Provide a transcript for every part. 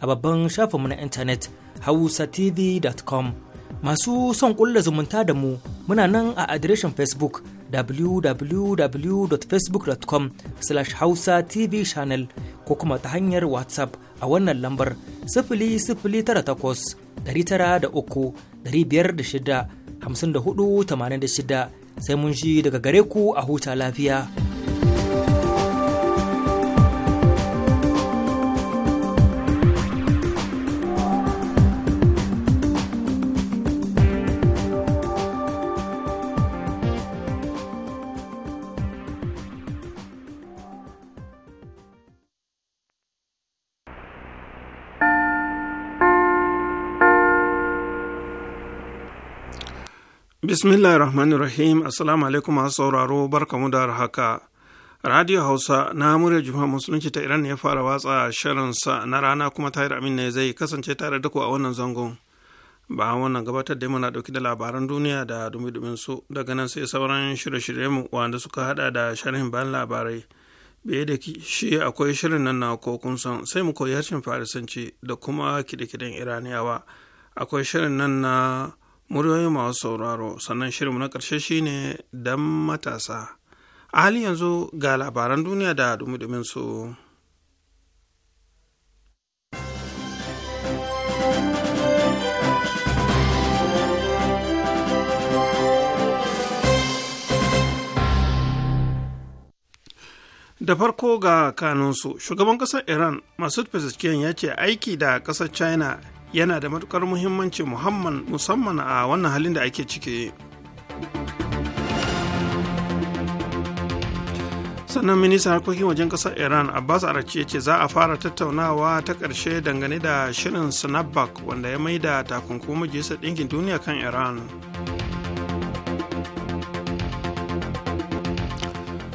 a babban shafinmu na intanet hausatv.com masu son kulla zumunta da mu muna nan a adireshin facebook www.facebook.com slash hausa tv channel ko kuma ta hanyar whatsapp a wannan lambar sifili sifili da takwas tara uku shida hamsin sai mun ji daga gare ku a huta lafiya. bismillahir rahmanir rahim assalamu alaikum masu sauraro barkamu da haka radio hausa na murya juma musulunci ta iran ne ya fara watsa shirinsa na rana kuma tahir amin ne zai kasance tare da ku a wannan zangon ba wannan gabatar da muna dauki da labaran duniya da dumi su daga nan sai sauran shirye-shirye mu wanda suka hada da sharhin bayan labarai biye da shi akwai shirin nan na kokun san sai mu koyi harshen farisanci da kuma kide-kiden iraniyawa akwai shirin nan na muryoyi masu sauraro sannan shirinmu na ƙarshe shine dan matasa a hali yanzu ga labaran duniya da dumi su. da farko ga kanunsu shugaban ƙasar iran masu pezeshkian ya ce aiki da ƙasar china yana da matukar muhimmanci musamman a wannan halin da ake ciki sannan ministan harkokin wajen kasar iran abbas arace ce za a fara tattaunawa ta ƙarshe dangane da shirin snapback wanda ya maida takunkumin majalisar ɗinkin duniya kan iran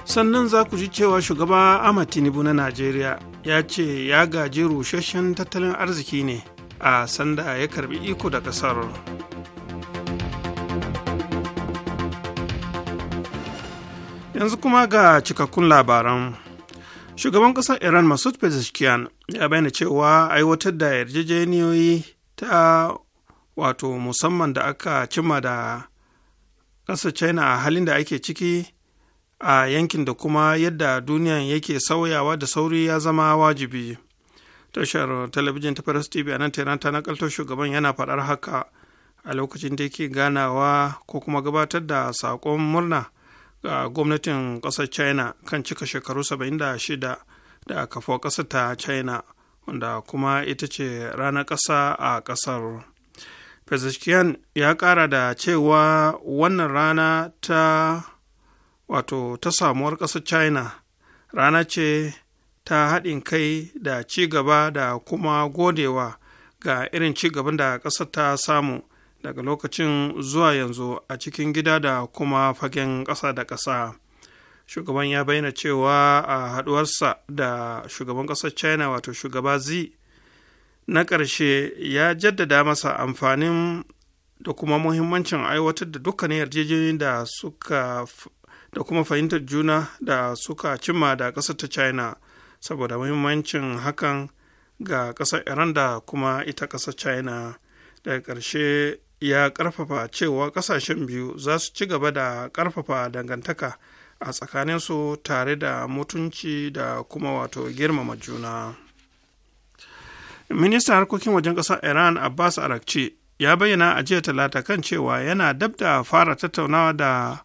sannan za ku ji cewa shugaba ahmad tinubu na najeriya ya ce ya gaji rusasshen tattalin arziki ne a sanda ya karbi iko da ƙasar yanzu kuma ga cikakkun labaran shugaban kasar iran masud pezeshkian ya bayyana cewa aiwatar da yarjejeniyoyi ta wato musamman da aka cimma da ƙasar china a halin da ake ciki a yankin da kuma yadda duniyan yake sauyawa da sauri ya zama wajibi tashar talabijin ta paris tv a nan tehran ta nakaltar shugaban yana faɗar haka a lokacin da yake ganawa ko kuma gabatar da saƙon murna ga gwamnatin ƙasar china kan cika shekaru 76 da kafa ƙasar ta china wanda kuma ita ce rana kasa a ƙasar Pezeshkian ya ƙara da cewa wannan rana ta wato ta samuwar ƙasar china rana ce ta haɗin kai da ci gaba da kuma godewa ga irin ci gaban da ƙasar ta samu daga lokacin zuwa yanzu a cikin gida da kuma fagen ƙasa da ƙasa shugaban ya bayyana cewa a haɗuwarsa da shugaban ƙasar china wato shugaba zi na ƙarshe ya jaddada masa amfanin da kuma muhimmancin aiwatar da dukkanin yarjejeniyoyin da suka da kuma fahimtar juna da suka cimma da ƙasar ta china saboda muhimmancin hakan ga ƙasar iran da kuma ita ƙasar china daga ƙarshe ya ƙarfafa cewa ƙasashen biyu za su ci gaba da ƙarfafa dangantaka a tsakaninsu tare da mutunci da kuma wato girmama juna ministan harkokin wajen ƙasar iran abbas arakci ya bayyana a jiya talata kan cewa yana dab da fara tattaunawa da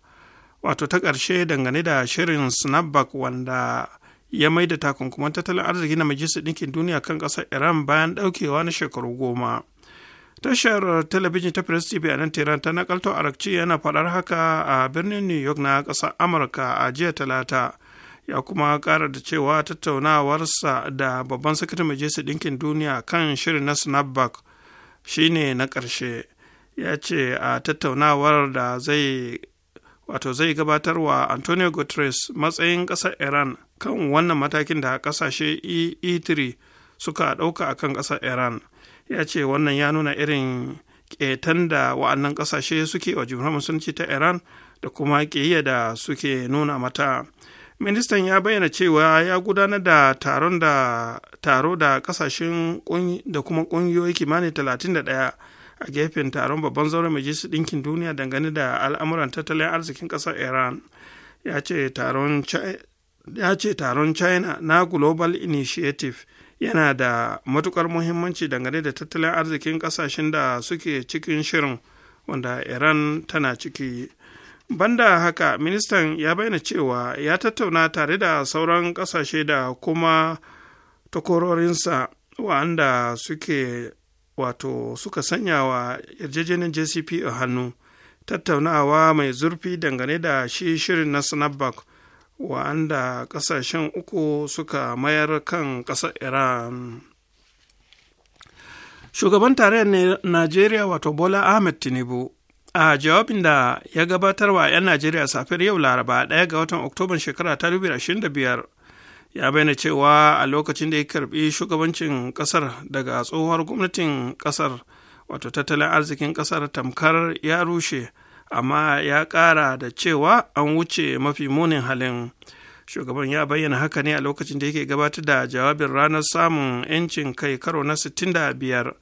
wato ta ƙarshe dangane da shirin snapback wanda ya mai da takunkuman tattalin arziki na majalisar ɗinkin duniya kan ƙasar iran bayan ɗaukewa na shekaru goma tashar talabijin ta press tv a nan tehran ta nakalto arakci yana faɗar haka a birnin new york na ƙasar amurka a jiya talata ya kuma ƙara da cewa tattaunawarsa da babban sakatar majalisar ɗinkin duniya kan shirin na snapback shine na ƙarshe ya ce a tattaunawar da zai wato zai gabatarwa antonio guterres matsayin ƙasar iran kan wannan matakin da kasashe e3 e suka ɗauka a kan ƙasar iran ya ce wannan ya nuna irin ƙetan da wa'annan ƙasashe suke wa jumhuriyar musulunci ta iran da kuma ƙiyayya da suke nuna mata ministan ya bayyana cewa ya gudanar da taron da taro da ƙasashen da kuma ƙungiyoyi kimanin talatin da 31 a gefen taron babban zauren majalisar dinkin duniya dangane da al'amuran tattalin arzikin ƙasar iran ya ce taron ya ce taron china na global initiative yana da matukar muhimmanci dangane da tattalin arzikin kasashen da suke cikin shirin wanda iran tana ciki banda haka ministan ya bayyana cewa ya tattauna tare da sauran kasashe da kuma takororinsa wa'anda suke wato suka sanya wa yarjejeniyar jcp a hannu tattaunawa mai zurfi dangane da shi shirin na snapback wa'anda ƙasashen uku suka mayar kan ƙasar iran shugaban tarayyar najeriya wato bola ahmed tinubu a jawabin da ya gabatar wa 'yan najeriya safiyar yau laraba ɗaya ga watan oktoban shekara ta 2025 ya bayyana cewa a lokacin da ya karbi shugabancin kasar daga tsohuwar gwamnatin kasar wato tattalin arzikin kasar tamkar ya rushe amma ya ƙara da cewa an wuce mafi munin halin shugaban ya bayyana haka ne a lokacin da yake gabatar da jawabin ranar samun 'yancin kai karo na 65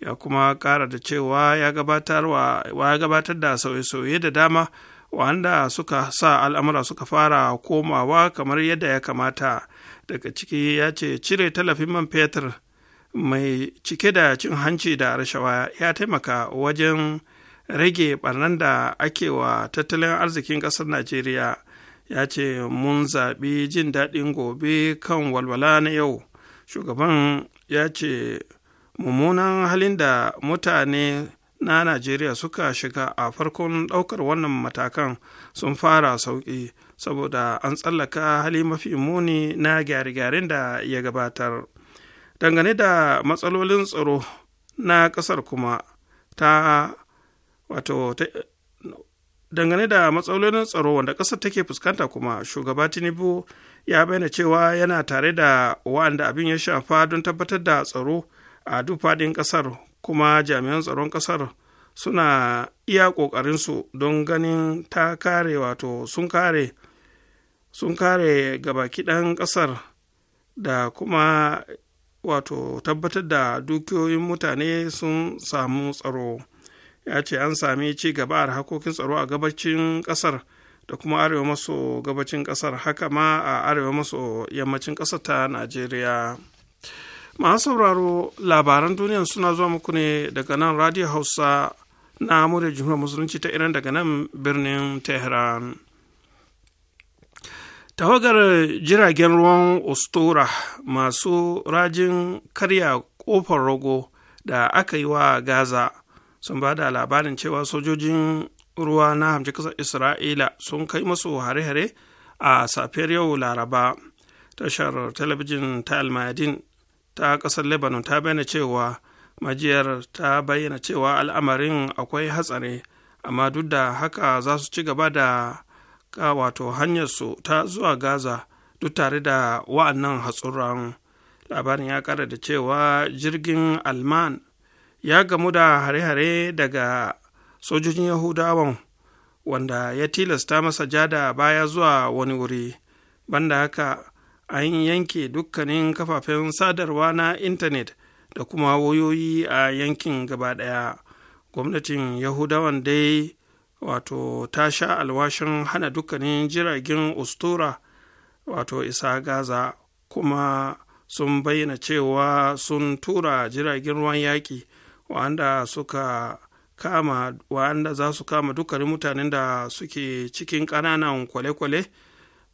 ya kuma ƙara da cewa ya gabatar da sauye-sauye da dama wanda suka sa al'amura suka fara komawa kamar yadda ya kamata daga ciki ya ce cire tallafin man fetur mai cike da cin hanci da rashawa ya taimaka wajen rage barnan da ake wa tattalin arzikin ƙasar najeriya ya ce mun zaɓi jin daɗin gobe kan walwala na yau shugaban ya ce mummunan halin da mutane na najeriya suka shiga a farkon ɗaukar wannan matakan sun fara sauƙi saboda an tsallaka hali mafi muni na gyare-gyaren da ya gabatar dangane da matsalolin tsaro na ƙasar kuma ta wato dangane da matsalolin tsaro wanda ƙasar take fuskanta kuma shugaba tinubu ya bayyana cewa yana tare da wa'anda abin ya shafa don tabbatar da tsaro a duk faɗin ƙasar kuma jami'an tsaron ƙasar suna iya ƙoƙarinsu don ganin ta kare wato sun kare sun kare gabaki ɗan ƙasar da kuma wato tabbatar da dukiyoyin mutane sun samu tsaro ya ce an sami ci gaba a harkokin tsaro a gabacin kasar da kuma arewa maso gabacin kasar haka ma a arewa maso yammacin kasar ta najeriya masu sauraro labaran duniya suna zuwa muku ne daga nan radio hausa na amurya jumhuriyar musulunci ta iran daga nan birnin tehran tawagar jiragen ruwan ostora masu rajin karya kofar rogo da aka yi wa gaza sun ba da labarin cewa sojojin ruwa na hamci kasar isra'ila sun kai masu hare-hare a safiyar yau laraba tashar talabijin ta almayadin ta kasar lebanon ta bayyana cewa majiyar ta bayyana cewa al'amarin akwai hatsari amma duk da haka za su ci gaba da ka wato hanyarsu ta zuwa gaza duk tare da wa'annan hatsuran labarin ya kara da cewa jirgin alman ya gamu da hare-hare daga sojojin yahudawan wanda ya tilasta masa jada baya zuwa wani wuri banda haka an yanke dukkanin kafafen sadarwa na intanet da kuma wayoyi a yankin gaba ɗaya gwamnatin yahudawan dai wato ta sha alwashin hana dukkanin jiragen ustura wato isa gaza kuma sun bayyana cewa sun tura jiragen ruwan yaƙi wanda suka kama wanda za su kama dukkanin mutanen da suke cikin ƙananan kwale-kwale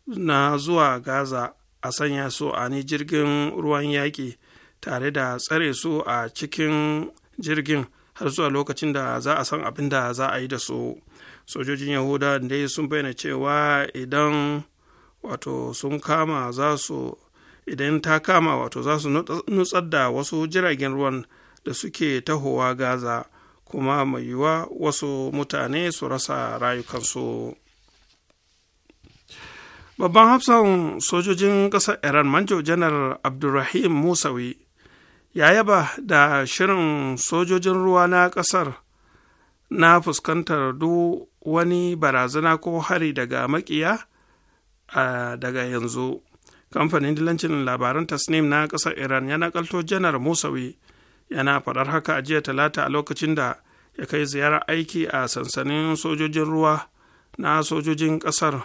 na zuwa gaza a sanya su a ni jirgin ruwan yaƙi tare da tsare su a cikin jirgin har zuwa lokacin da za a san abin da za a yi da su sojojin yahuda dai sun bayyana cewa idan wato sun kama za su idan ta kama wato za su nutsar da wasu jiragen ruwan da suke tahowa gaza kuma mai yiwuwa wasu mutane su rasa rayukansu babban hafsan sojojin ƙasar iran manjo janar abdulrahim musawi ya yaba da shirin sojojin ruwa na ƙasar na fuskantar duk wani barazana ko hari daga makiya daga yanzu kamfanin dilancin labaran tasnim na ƙasar iran ya nakalto janar musawi yana faɗar haka a jiya talata a lokacin da ya kai ziyarar aiki a sansanin sojojin ruwa na sojojin ƙasar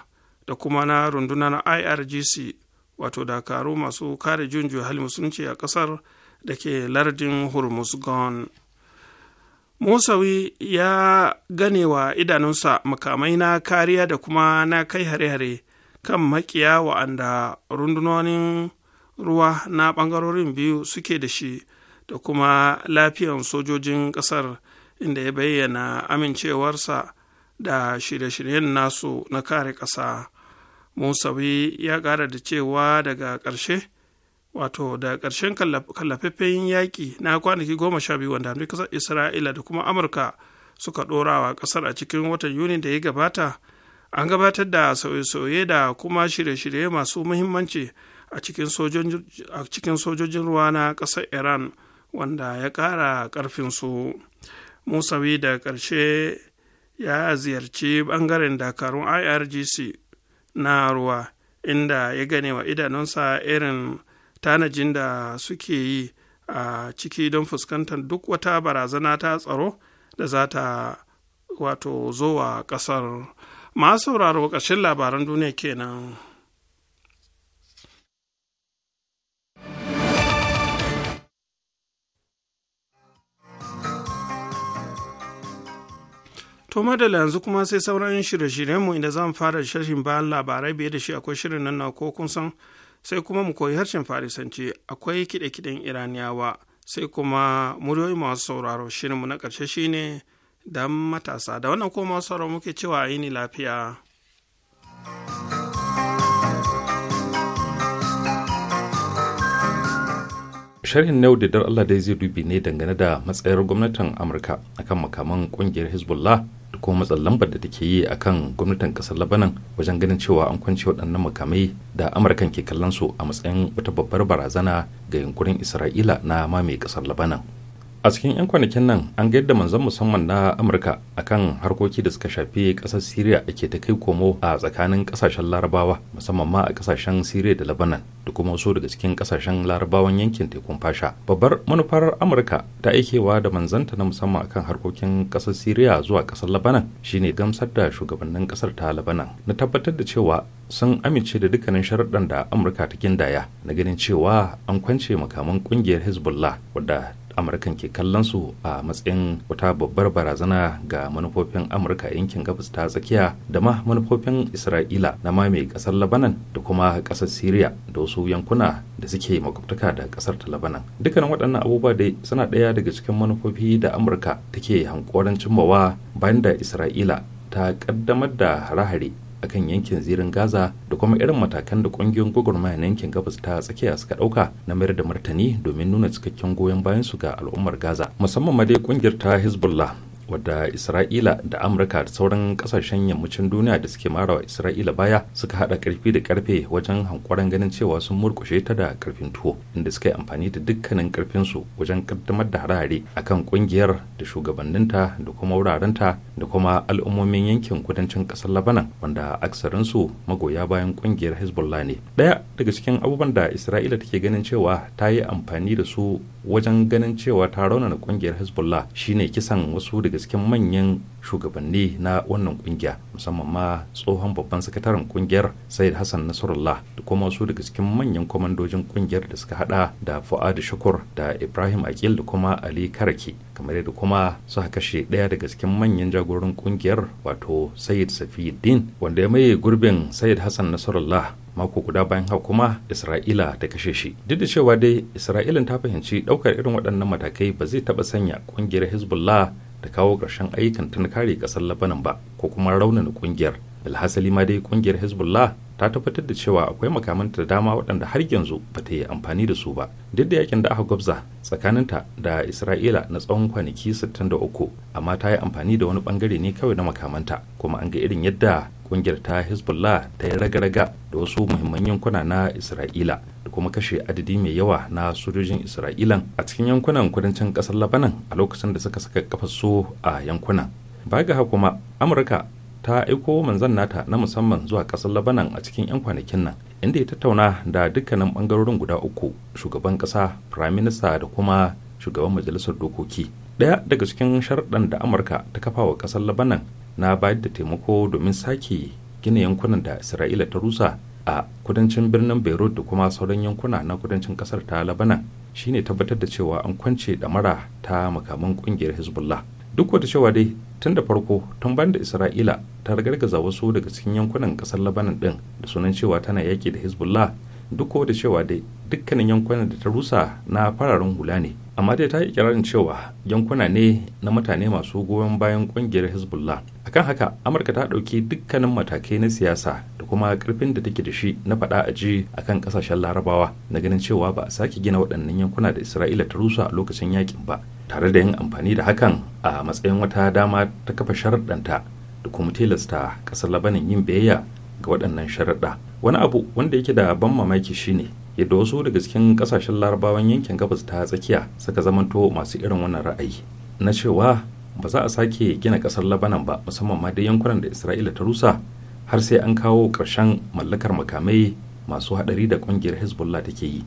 da kuma na rundunar irgc wato dakaru masu kare junju hali musulunci a ƙasar da ke lardin hormuzgon musawi ya ganewa idanunsa makamai na kariya da kuma na kai hare-hare kan makiya wa'anda rundunonin ruwa na ɓangarorin biyu suke da shi da kuma lafiyan sojojin ƙasar inda ya bayyana amincewarsa da shirye-shiryen nasu na kare ƙasa musawi ya ƙara da cewa daga ƙarshe wato da ƙarshen kallafaffen yaƙi na kwanaki goma sha biyu wanda hamdu kasar isra'ila da kuma amurka suka ɗorawa ƙasar a cikin watan yuni da ya gabata an gabatar da sauye-sauye da kuma shirye-shirye masu muhimmanci a cikin sojojin ruwa na ƙasar iran wanda ya ƙara ƙarfinsu musawi da ƙarshe ya ziyarci ɓangaren dakarun irgc na ruwa inda ya gane wa idanunsa irin tanajin da suke yi a ciki don fuskantar duk wata barazana ta tsaro da za ta wato zuwa wa ƙasar masu sauraro ƙarshen labaran duniya kenan. To madalla yanzu kuma sai sauran shirye-shiryenmu inda za mu fara sharhin bayan labarai biye da shi akwai shirin nan na ko kun san sai kuma mu koyi harshen farisanci akwai kiɗe-kiɗen iraniyawa sai kuma muryoyi masu sauraro mu na ƙarshe shine dan matasa da wannan ko masu sauraro muke cewa a yini lafiya. sharhin na da Allah dai zai dubi ne dangane da matsayar gwamnatin Amurka akan makaman kungiyar Hezbollah da kuma matsalar lambar da take yi a kan gwamnatin kasar labanan wajen ganin cewa an kwance waɗannan makamai da amurkan ke kallon su a matsayin wata babbar barazana ga yunkurin isra'ila na mamaye kasar labanan a cikin 'yan kwanakin nan an ga yadda manzon musamman na amurka akan harkoki da suka shafi kasar syria ake ta kai komo a tsakanin kasashen larabawa musamman ma a kasashen syria da Labanan, da kuma wasu daga cikin kasashen larabawan yankin tekun fasha babbar manufar amurka ta aikewa da manzanta na musamman akan harkokin kasar syria zuwa kasar lebanon shine gamsar da shugabannin kasar ta Labanan. na tabbatar da cewa sun amince da dukkanin sharuɗan da amurka ta gindaya na ganin cewa an kwance makaman kungiyar hezbollah wadda amurkan ke kallon su a matsayin wata babbar barazana ga manufofin amurka yankin gabas ta tsakiya da ma manufofin isra'ila na ma mai kasar labanan da kuma kasar syria da wasu yankuna da suke makwabtaka da kasar ta labanan dukkanin waɗannan abubuwa dai suna ɗaya daga cikin manufofi da amurka take hankoran cimmawa bayan da isra'ila ta kaddamar da hare akan yankin zirin gaza da kuma irin matakan da kungiyoyin gwagwarmaya na yankin gabas ta tsakiya suka ɗauka na mayar da martani domin nuna cikakken goyon bayan su ga al'ummar gaza musamman ma dai kungiyar ta hezbollah wadda isra'ila da amurka da sauran kasashen yammacin duniya da suke marawa isra'ila baya suka hada karfi da karfe wajen hankwaran ganin cewa sun murkushe ta da karfin tuwo inda suka yi amfani da dukkanin karfinsu wajen kaddamar da harare kan kungiyar da shugabanninta da kuma wurarenta da kuma al'ummomin yankin kudancin kasar labanan wanda aksarinsu magoya bayan kungiyar hezbollah ne daya daga cikin abubuwan da isra'ila take ganin cewa ta yi amfani da su wajen ganin cewa ta raunana kungiyar hezbollah shine kisan wasu daga cikin manyan shugabanni na wannan kungiya musamman ma tsohon babban sakataren kungiyar said hassan nasarullah da kuma wasu daga cikin manyan kwamandojin kungiyar da suka hada da fu'adu shakur da ibrahim akil da kuma ali karaki kamar yadda kuma suka kashe ɗaya daga cikin manyan jagoran kungiyar wato said safiuddin wanda ya maye gurbin said hassan nasarullah mako guda bayan haka kuma isra'ila ta kashe shi duk da cewa dai isra'ilin ta fahimci daukar irin waɗannan matakai ba zai taɓa sanya ƙungiyar hezbollah da kawo ƙarshen ayyukan ta na kare ƙasar labanan ba ko kuma raunana ƙungiyar alhasali ma dai ƙungiyar hezbollah ta tabbatar da cewa akwai makamanta da dama waɗanda har yanzu ba ta yi amfani da su ba duk da yakin da aka gwabza tsakaninta da isra'ila na tsawon kwanaki 63 amma ta yi amfani da wani bangare ne kawai na makamanta kuma an ga irin yadda kungiyar ta hezbollah ta yi raga-raga da wasu muhimman yankuna na isra'ila da kuma kashe adadi mai yawa na sojojin isra'ilan a cikin yankunan kudancin kasar labanan a lokacin da suka saka kafa su a yankunan baga kuma amurka ta aiko manzan nata na musamman zuwa ƙasar labanan a cikin 'yan kwanakin nan inda ya tattauna da dukkanin ɓangarorin guda uku shugaban ƙasa prime da kuma shugaban majalisar dokoki ɗaya daga cikin sharɗan da amurka ta kafa wa ƙasar labanan na bayar da taimako domin sake gina yankunan da isra'ila ta rusa a kudancin birnin beirut da kuma sauran yankuna na kudancin kasar ta labanan shine tabbatar da cewa an kwance damara ta makaman kungiyar hezbollah duk wata cewa dai tun da farko tun banda isra'ila ta ragargaza wasu daga cikin yankunan kasar labanan din da sunan cewa tana yaki da hezbollah duk da cewa dai dukkanin yankunan da ta rusa na fararen hula ne amma dai ta yi kirarin cewa yankuna ne na mutane masu goyon bayan kungiyar hezbollah akan haka amurka ta ɗauki dukkanin matakai na siyasa da kuma karfin da take da shi na faɗa a ji akan kasashen larabawa na ganin cewa ba a sake gina waɗannan yankuna da isra'ila ta rusa a lokacin yakin ba tare da yin amfani da hakan a matsayin wata dama ta kafa sharaɗanta da kuma tilasta ƙasar labanin yin biyayya ga waɗannan sharaɗa wani abu wanda yake da ban mamaki shine yadda wasu daga cikin ƙasashen larabawan yankin gabas ta tsakiya suka zamanto masu irin wannan ra'ayi na cewa ba za a sake gina ƙasar labanan ba musamman ma dai yankunan da isra'ila ta rusa har sai an kawo ƙarshen mallakar makamai masu haɗari da ƙungiyar hezbollah take yi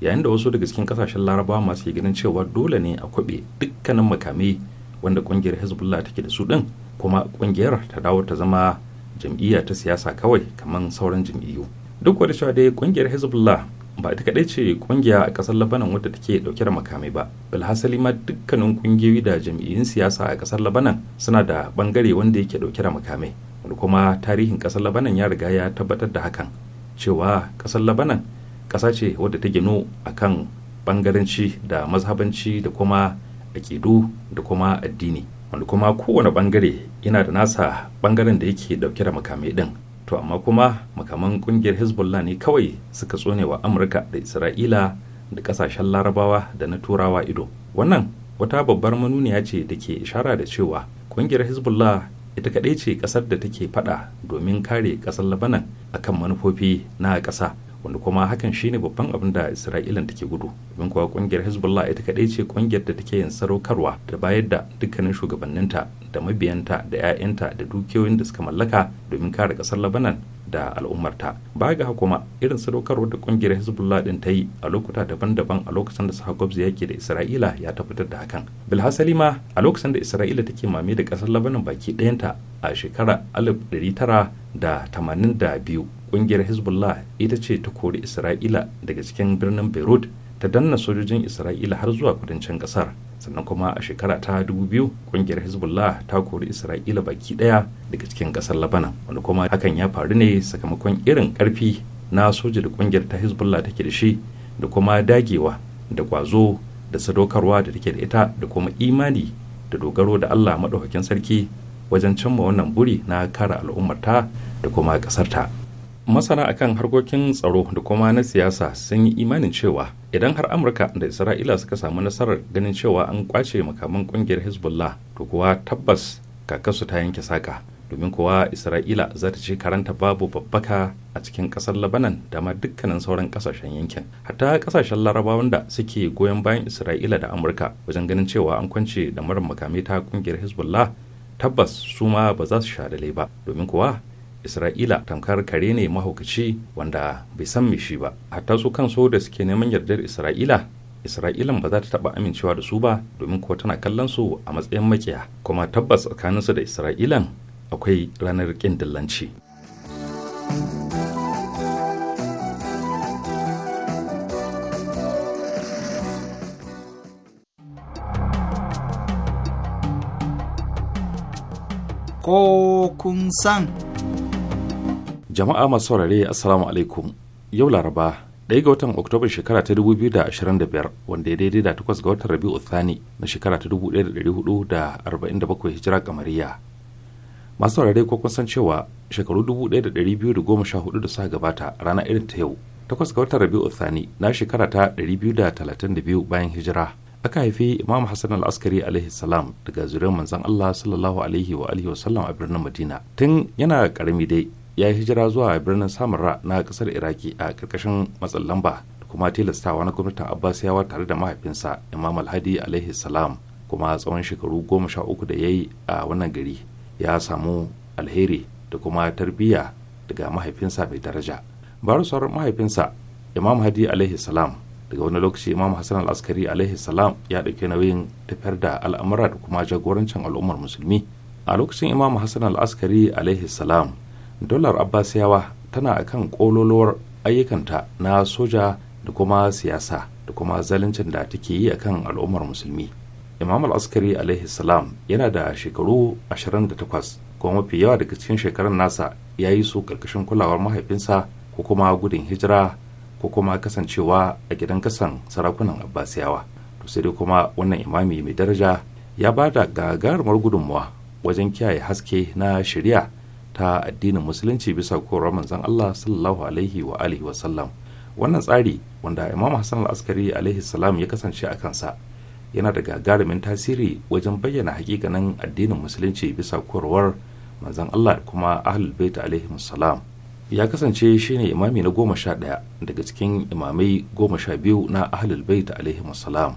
yayin da wasu daga cikin kasashen laraba masu ganin cewa dole ne a kwabe dukkanin makamai wanda kungiyar hezbollah take da su din kuma kungiyar ta dawo ta zama jam'iyya ta siyasa kawai kamar sauran jam'iyyu duk da cewa dai kungiyar hezbollah ba ita kadai ce kungiya a kasar labanan wadda take dauke da makamai ba bilhassali ma dukkanin kungiyoyi da jam'iyyun siyasa a kasar labanan suna da bangare wanda yake dauke da makamai wani kuma tarihin kasar labanan ya riga ya tabbatar da hakan cewa kasar labanan ƙasa ce wadda ta ginu a kan ɓangaranci da mazhabanci da kuma aƙidu da kuma addini wanda kuma kowane ɓangare yana da nasa ɓangaren da yake ɗauke da makamai ɗin to amma kuma makaman ƙungiyar hezbollah ne kawai suka tsone wa amurka da isra'ila da ƙasashen larabawa da na turawa ido wannan wata babbar manuniya ce da ke ishara da cewa ƙungiyar hezbollah ita kaɗai ce ƙasar da take faɗa domin kare ƙasar labanan akan manufofi na ƙasa wanda kuma hakan shine babban abin da isra'ilan take gudu abin kuwa kungiyar hezbollah ita kadai ce kungiyar da take yin sadaukarwa da bayar da dukkanin shugabanninta da mabiyanta da 'ya'yanta da dukiyoyin da suka mallaka domin kare kasar labanan da al'ummarta ba ga kuma irin sadaukarwar da kungiyar hezbollah din ta yi a lokuta daban-daban a lokacin da saha gwabza yake da isra'ila ya tabbatar da hakan bilhassali ma a lokacin da isra'ila take mame da kasar labanan baki ɗayanta a shekara 1982 ƙungiyar hezbollah ita ce ta kori isra'ila daga cikin birnin beirut ta danna sojojin isra'ila har zuwa kudancin kasar sannan kuma a shekara ta 2000 ƙungiyar hezbollah ta kori isra'ila baki daya daga cikin kasar labanan wanda kuma hakan ya faru ne sakamakon irin karfi na soja da ƙungiyar ta hezbollah take da shi da kuma dagewa da kwazo da sadaukarwa da take da ita da kuma imani da dogaro da allah maɗaukakin sarki wajen cimma wannan buri na kare al'ummarta da kuma ƙasarta. masana akan harkokin tsaro da kuma na siyasa sun yi imanin cewa idan har amurka da isra'ila suka samu nasarar ganin cewa an kwace makaman kungiyar hezbollah to kuwa tabbas kakasu ta yanke saka domin kuwa isra'ila za ta ci karanta babu babbaka a cikin kasar labanan da ma dukkanin sauran kasashen yankin hatta kasashen larabawan da suke goyon bayan isra'ila da amurka wajen ganin cewa an kwance da marar makamai ta kungiyar hezbollah tabbas su ma ba za su sha ba domin kuwa isra'ila tamkar kare ne mahaukaci wanda bai san mishi shi ba hatta su da suke neman yardar isra'ila isra'ilan ba za ta taba amincewa da su ba domin kuwa tana kallon su a matsayin makiya kuma tabbas tsakanin su da isra'ilan akwai ranar ƙin dillanci ko kun san jama'a masu saurare assalamu alaikum yau laraba ɗaya ga watan oktoba shekara ta 2025 wanda ya daidai da takwas ga watan rabi'u thani na shekara ta 1447 hijira kamariya masu saurare ko kun san cewa shekaru 1214 da suka gabata rana irin ta yau takwas ga watan rabi'u thani na shekara ta 232 bayan hijira aka haifi imam hassan al-askari alaihi salam daga zuriyar manzon allah sallallahu alaihi wa alihi a birnin madina tun yana karami dai ya yi hijira zuwa birnin samarra na kasar iraki a karkashin matsin lamba da kuma tilastawa na gwamnatin abbasiyawa tare da mahaifinsa imam alhadi alaihi salam kuma tsawon shekaru goma sha uku da ya yi a wannan gari ya samu alheri da kuma tarbiyya daga mahaifinsa mai daraja barusar mahaifinsa imam hadi alaihi salam daga wani lokaci imam hassan al-askari alaihi salam ya ɗauki nauyin tafiyar da al'amura da kuma jagorancin al'ummar musulmi a lokacin imam hassan al-askari alaihi salam dolar abbasiyawa tana akan kololuwar ayyukanta na soja da kuma siyasa da kuma zaluncin da take yi a kan al'ummar musulmi imam al-askari alaihi salam yana da shekaru 28 kuma mafi yawa daga cikin shekarun nasa ya yi su karkashin kulawar mahaifinsa ko kuma gudun hijira ko kuma kasancewa a gidan kasan sarakunan abbasiyawa to sai dai kuma wannan imami mai daraja ya ba da gagarumar gudunmuwa wajen kiyaye haske na shari'a ta addinin musulunci bisa korar manzon Allah sallallahu alaihi wa alihi wa sallam wannan tsari wanda Imam Hassan al-Askari alaihi salam ya kasance a kansa yana da gagarumin tasiri wajen bayyana hakikanin addinin musulunci bisa kowar manzon Allah da kuma ahlul bait alaihi salam ya kasance shine imami na goma sha ɗaya daga cikin imamai goma sha biyu na ahlul bait alaihi salam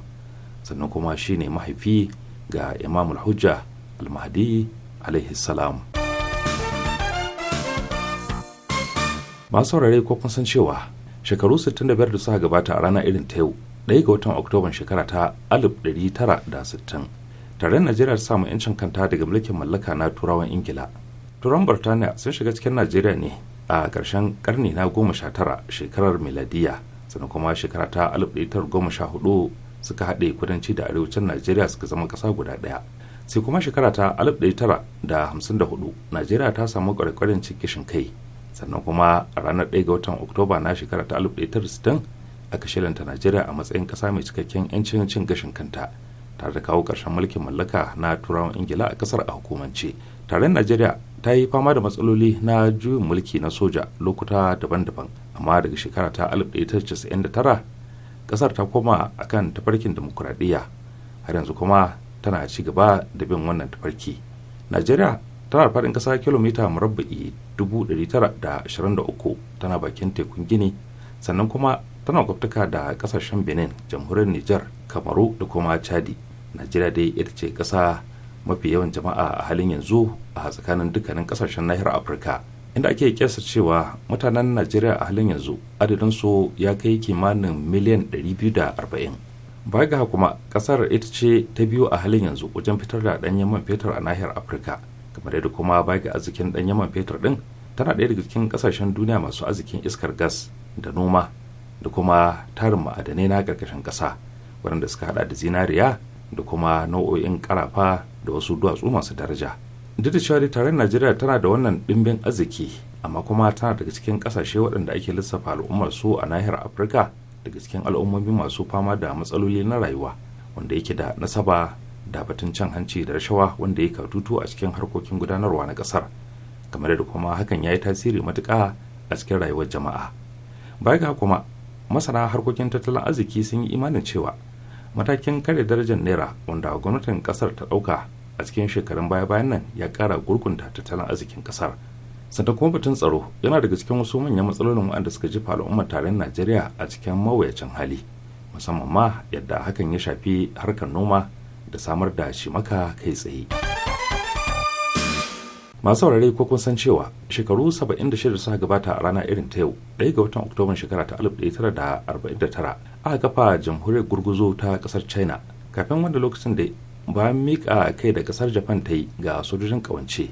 sannan kuma shine mahaifi ga imamul hujja al-mahdi alaihi salam masu saurare ko kun san cewa shekaru 65 da suka gabata a rana irin ta yau ɗaya ga watan oktoban shekara ta 1960 tare najeriya ta samu 'yancin kanta daga mulkin mallaka na turawan ingila turan birtaniya sun shiga cikin najeriya ne a karshen karni na 19 shekarar miladiya sannan kuma shekara ta 1914 suka haɗe kudanci da arewacin najeriya suka zama ƙasa guda ɗaya sai kuma shekara ta 1954 najeriya ta samu ƙwarƙwarin cikin kai sannan kuma a ranar 1 ga watan oktoba na shekara ta 1960 aka shirinta najeriya a matsayin kasa mai cikakken 'yancin cin gashin kanta tare da kawo karshen mulkin mallaka na turawan ingila a kasar a hukumance tare najeriya ta yi fama da matsaloli na juyin mulki na soja lokuta daban-daban amma daga shekara ta 1999 kasar ta koma akan tafarkin demokuraɗiyya har yanzu kuma tana ci gaba da bin wannan tafarki najeriya tana da faɗin ƙasa kilomita murabba'i 923 tana bakin tekun gini sannan kuma tana kwaftuka da ƙasashen benin jamhuriyar niger kamaru da kuma chadi najeriya dai ita ce ƙasa mafi yawan jama'a a halin yanzu a tsakanin dukkanin ƙasashen nahiyar afirka inda ake kyasa cewa mutanen najeriya a halin yanzu adadin su ya kai kimanin miliyan 240 baya ga kuma kasar ita ce ta biyu a halin yanzu wajen fitar da ɗanyen man fetur a nahiyar afirka kamar yadda kuma baki arzikin dan yaman fetur ɗin tana ɗaya daga cikin ƙasashen duniya masu arzikin iskar gas da noma da kuma tarin ma'adanai na ƙarƙashin ƙasa waɗanda suka hada da zinariya da kuma nau'o'in ƙarafa da wasu duwatsu masu daraja duk da cewa dai tarayyar najeriya tana da wannan ɗimbin arziki amma kuma tana daga cikin ƙasashe waɗanda ake lissafa al'ummar su a nahiyar afirka daga cikin al'ummomi masu fama da matsaloli na rayuwa wanda yake da nasaba da batun cin hanci da rashawa wanda ya katutu a cikin harkokin gudanarwa na kasar kamar da kuma hakan ya yi tasiri matuƙa a cikin rayuwar jama'a baya ga kuma masana harkokin tattalin arziki sun yi imanin cewa matakin kare darajar naira wanda gwamnatin kasar ta ɗauka a cikin shekarun baya bayan nan ya kara gurgunta tattalin arzikin kasar sannan kuma batun tsaro yana daga cikin wasu manyan matsalolin waɗanda suka jefa al'ummar tarayyar najeriya a cikin mawuyacin hali musamman ma yadda hakan ya shafi harkar noma da samar da shi maka kai tsaye masu saurare ko kun san cewa shekaru 76 suka gabata a rana irin ta yau ɗaya ga watan oktoban shekara ta 1949 aka kafa jamhuriyar gurguzo ta ƙasar china kafin wanda lokacin da bayan mika kai da ƙasar japan ta yi ga sojojin ƙawance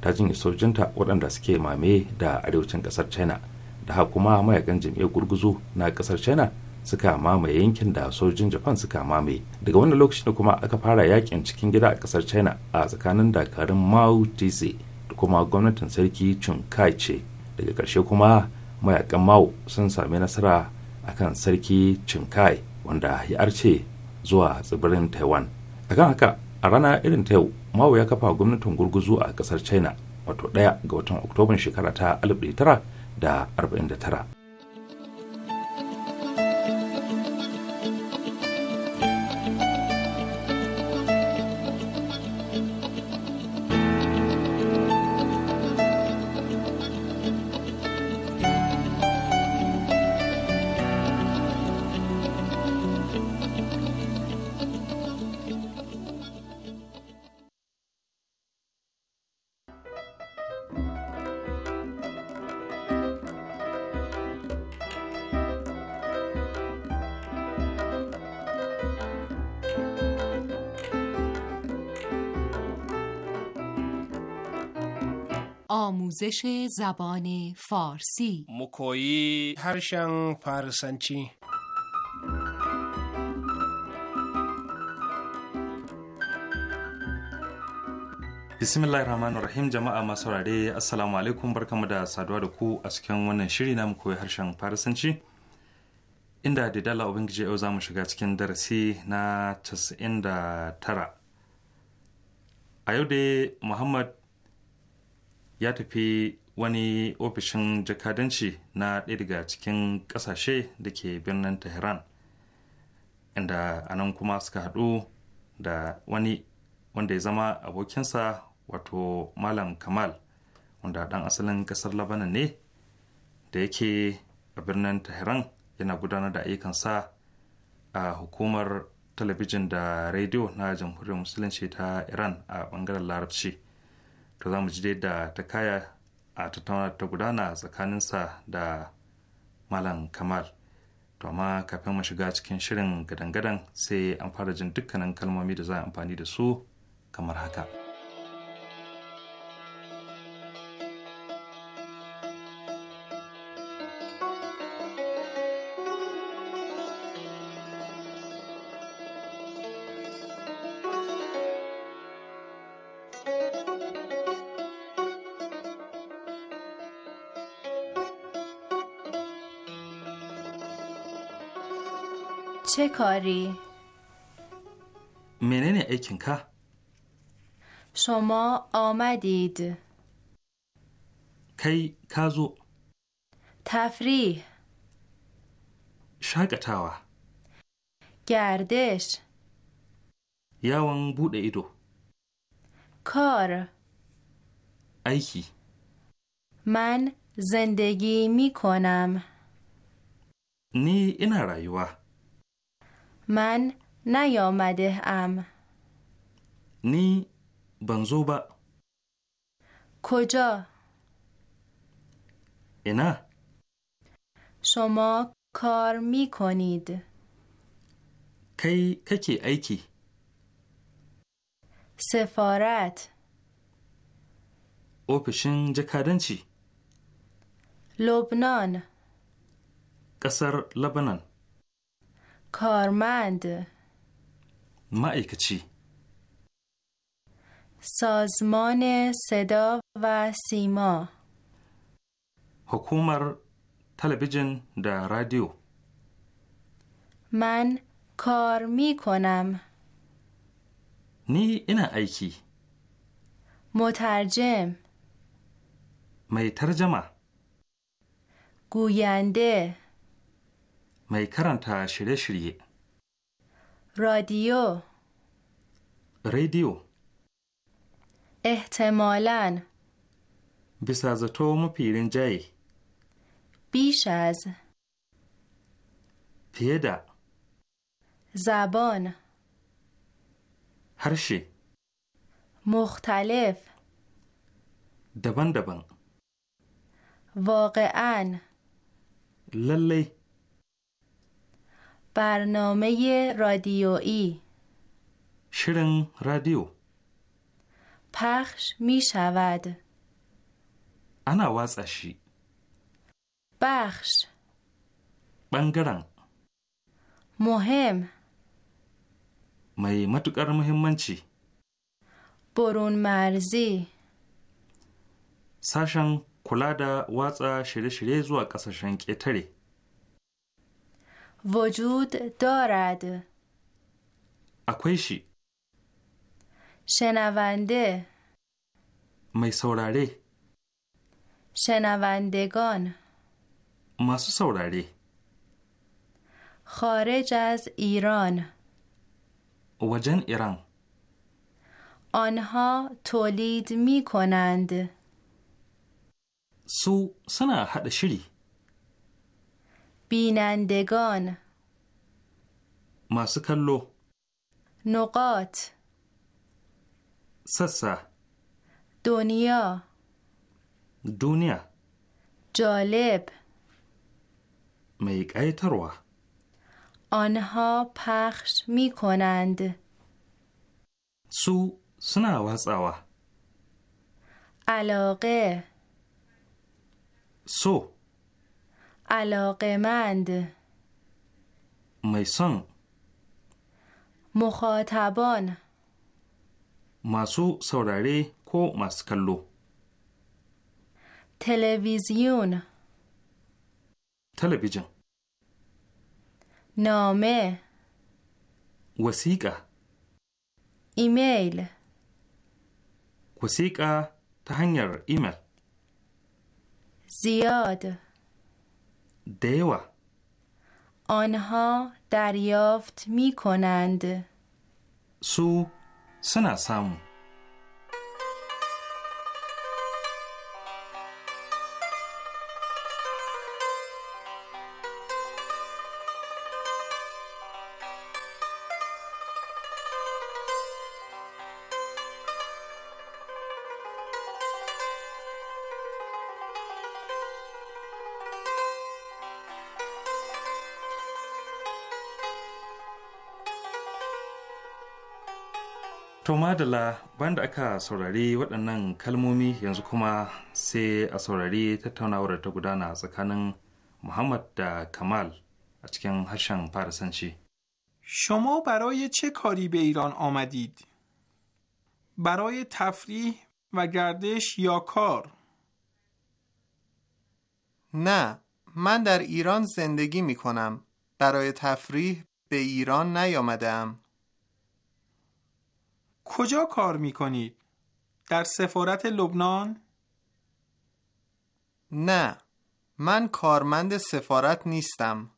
ta jinye sojojinta waɗanda suke mame da arewacin ƙasar china da kuma mayakan jam'iyyar gurguzo na ƙasar china suka mamaye yankin da sojin japan suka mamaye daga wannan lokacin da kuma aka fara yakin cikin gida a kasar china a tsakanin dakarun mao tse da kuma gwamnatin sarki chun kai ce daga karshe kuma mayakan mao sun sami nasara akan sarki chun kai wanda ya arce zuwa tsibirin taiwan akan haka a rana irin ta yau mao ya kafa gwamnatin gurguzu a kasar china wato ɗaya ga watan oktoban shekara ta 1949 آموزش زبان فارسی koyi هرشن فارسنچی bismillahir rahmanir rahim jama'a masu saurare assalamu alaikum barkamu da saduwa da ku a cikin wannan shiri na mu koyi harshen farisanci inda da dala ubangiji yau za mu shiga cikin darasi na 99 a yau dai muhammad ya tafi wani ofishin jakadanci na ɗaya daga cikin ƙasashe da ke birnin tehran inda anan kuma suka haɗu da wani wanda ya zama abokinsa wato malam kamal wanda ɗan asalin ƙasar labanan ne da yake a birnin tehran yana gudanar da ayyukansa a hukumar talabijin da rediyo na jamhuriyar musulunci ta iran a ɓangaren larabci za mu ji da ta kaya a tattauna ta gudana tsakaninsa da malam kamal to amma kafin mu shiga cikin shirin gadangadan gadan sai an fara jin dukkanin kalmomi da za a amfani da su kamar haka. کاری؟ منین ایکن که؟ شما آمدید کی کازو تفریح شاگتاوا گردش یاوان بوده ایدو کار ایکی من زندگی می کنم نی این رایوه من نیامده ام نی بنزوبا کجا اینا شما کار می کنید کی ککی ایکی سفارت اوپشن چی؟ لبنان قصر لبنان کارمند چی؟ سازمان صدا و سیما حکومر تلویزیون در رادیو من کار می کنم نی اینا ایکی مترجم می ترجمه گوینده می تا شده شریه رادیو ریدیو احتمالا از تو جایی بیش از پیدا زبان هرشی مختلف دبن دبن واقعا للی برنامه رادیویی شرن رادیو پخش می شود انا وزشی بخش بنگرن مهم mai matuƙar muhimmanci. Borun marzi Sashen kula da watsa shirye-shirye zuwa ƙasashen ƙetare. وجود دارد اکویشی شنونده می شنوندگان ماسو خارج از ایران وجن ایران آنها تولید می کنند سو سنا حد شری بینندگان ماسه کلو نقاط سسه دنیا دنیا جالب میک تروه آنها پخش می کنند سو سنا علاقه سو علاقمند میسان مخاطبان ماسو سوراری کو ماسکلو تلویزیون تلویزیون نامه وسیقه ایمیل وسیقه تهنگر ایمیل. زیاد. آنها دریافت می کنند سو سنا To madala banda aka saurari waɗannan kalmomi yanzu kuma sai a saurari tattaunawar ta gudana tsakanin Muhammad da Kamal a cikin harshen farasanci shomo برای چه کاری به ایران آمدید؟ برای تفریح و گردش یا کار؟ نه، من در ایران زندگی می کنم. برای تفریح به ایران نیامدم. کجا کار می کنید؟ در سفارت لبنان؟ نه من کارمند سفارت نیستم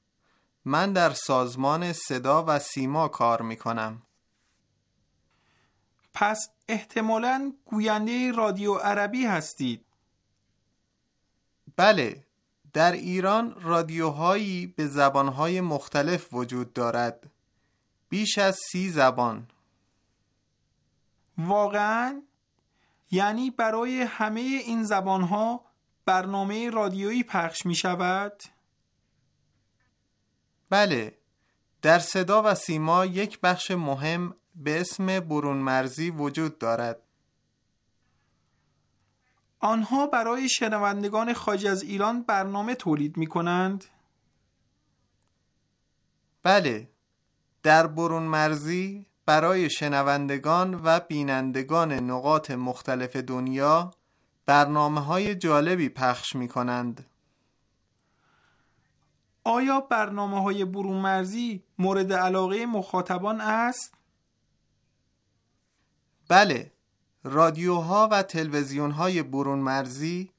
من در سازمان صدا و سیما کار می کنم پس احتمالا گوینده رادیو عربی هستید بله در ایران رادیوهایی به زبانهای مختلف وجود دارد بیش از سی زبان واقعا یعنی برای همه این ها برنامه رادیویی پخش می شود؟ بله در صدا و سیما یک بخش مهم به اسم برون مرزی وجود دارد آنها برای شنوندگان خارج از ایران برنامه تولید می کنند؟ بله در برون مرزی برای شنوندگان و بینندگان نقاط مختلف دنیا برنامه های جالبی پخش می کنند. آیا برنامه های برومرزی مورد علاقه مخاطبان است؟ بله، رادیوها و تلویزیون های برون مرزی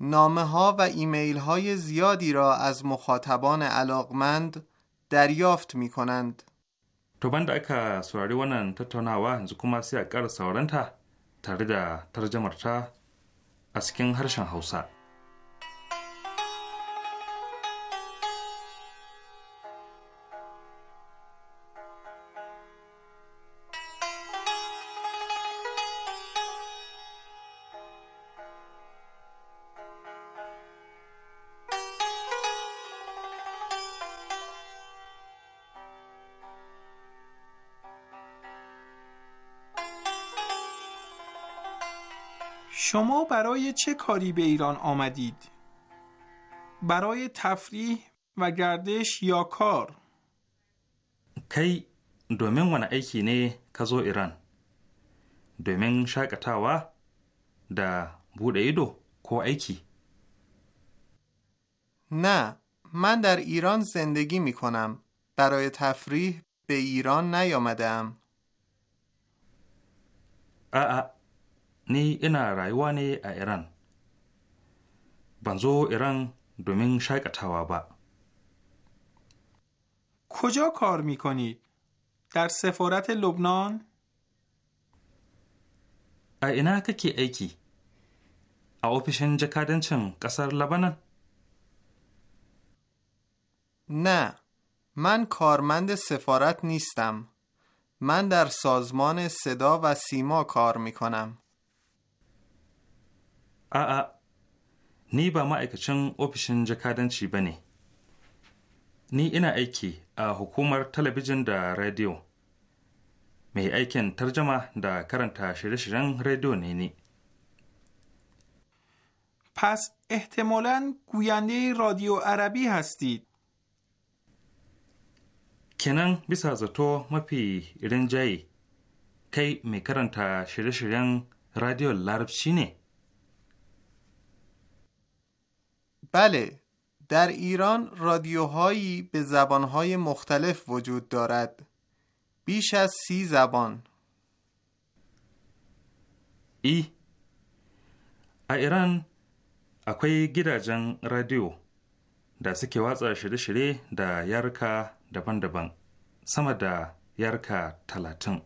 نامه ها و ایمیل های زیادی را از مخاطبان علاقمند دریافت می کنند. To da aka saurari wannan tattaunawa yanzu kuma sai a ƙara sauranta tare da tarjamarta a cikin harshen Hausa. شما برای چه کاری به ایران آمدید؟ برای تفریح و گردش یا کار؟ کی دومین و ایکی نه کزو ایران دومین شاکتاوا دا بوده ایدو کو ایکی نه من در ایران زندگی می کنم برای تفریح به ایران نیامدم آه نی اینا rayuwa نی ا ایران ban zo ایران domin ba. کجا کار می در سفارت لبنان؟ ا اینا ککی ایکی؟ ا جکادن چن؟ قصر لبنان؟ نه من کارمند سفارت نیستم من در سازمان صدا و سیما کار میکنم. a'a ni ba ma'aikacin ofishin jakadanci ba ne ni ina aiki a hukumar talabijin da rediyo mai aikin tarjama da karanta shirye-shiryen rediyo ne ni پس احتمالا گوینده رادیو عربی هستید کنن بیسا زتو مپی رنجایی kai mai karanta shirye-shiryen رادیو larabci ne? بله در ایران رادیوهایی به زبانهای مختلف وجود دارد بیش از سی زبان ای ایران اکوی گیراجن رادیو da suke watsa shirye-shirye da yarka daban-daban sama da yarka talatin.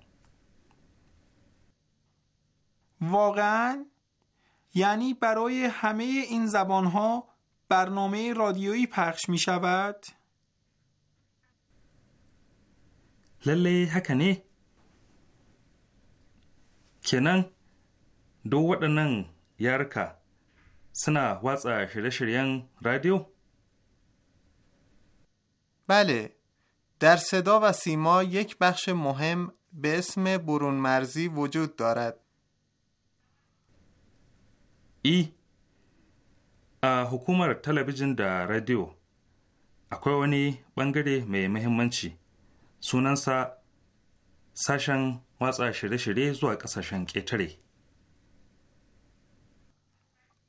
واقعا یعنی برای همه این زبان ها برنامه رادیویی پخش می شود؟ لله هکنه کنن دو ودنن یارکا سنا واتسا شirye رادیو بله در صدا و سیما یک بخش مهم به اسم برون مرزی وجود دارد ای a hukumar talabijin da radiyo akwai wani bangare mai muhimmanci sunansa sashen watsa shirye-shirye zuwa kasashen ƙetare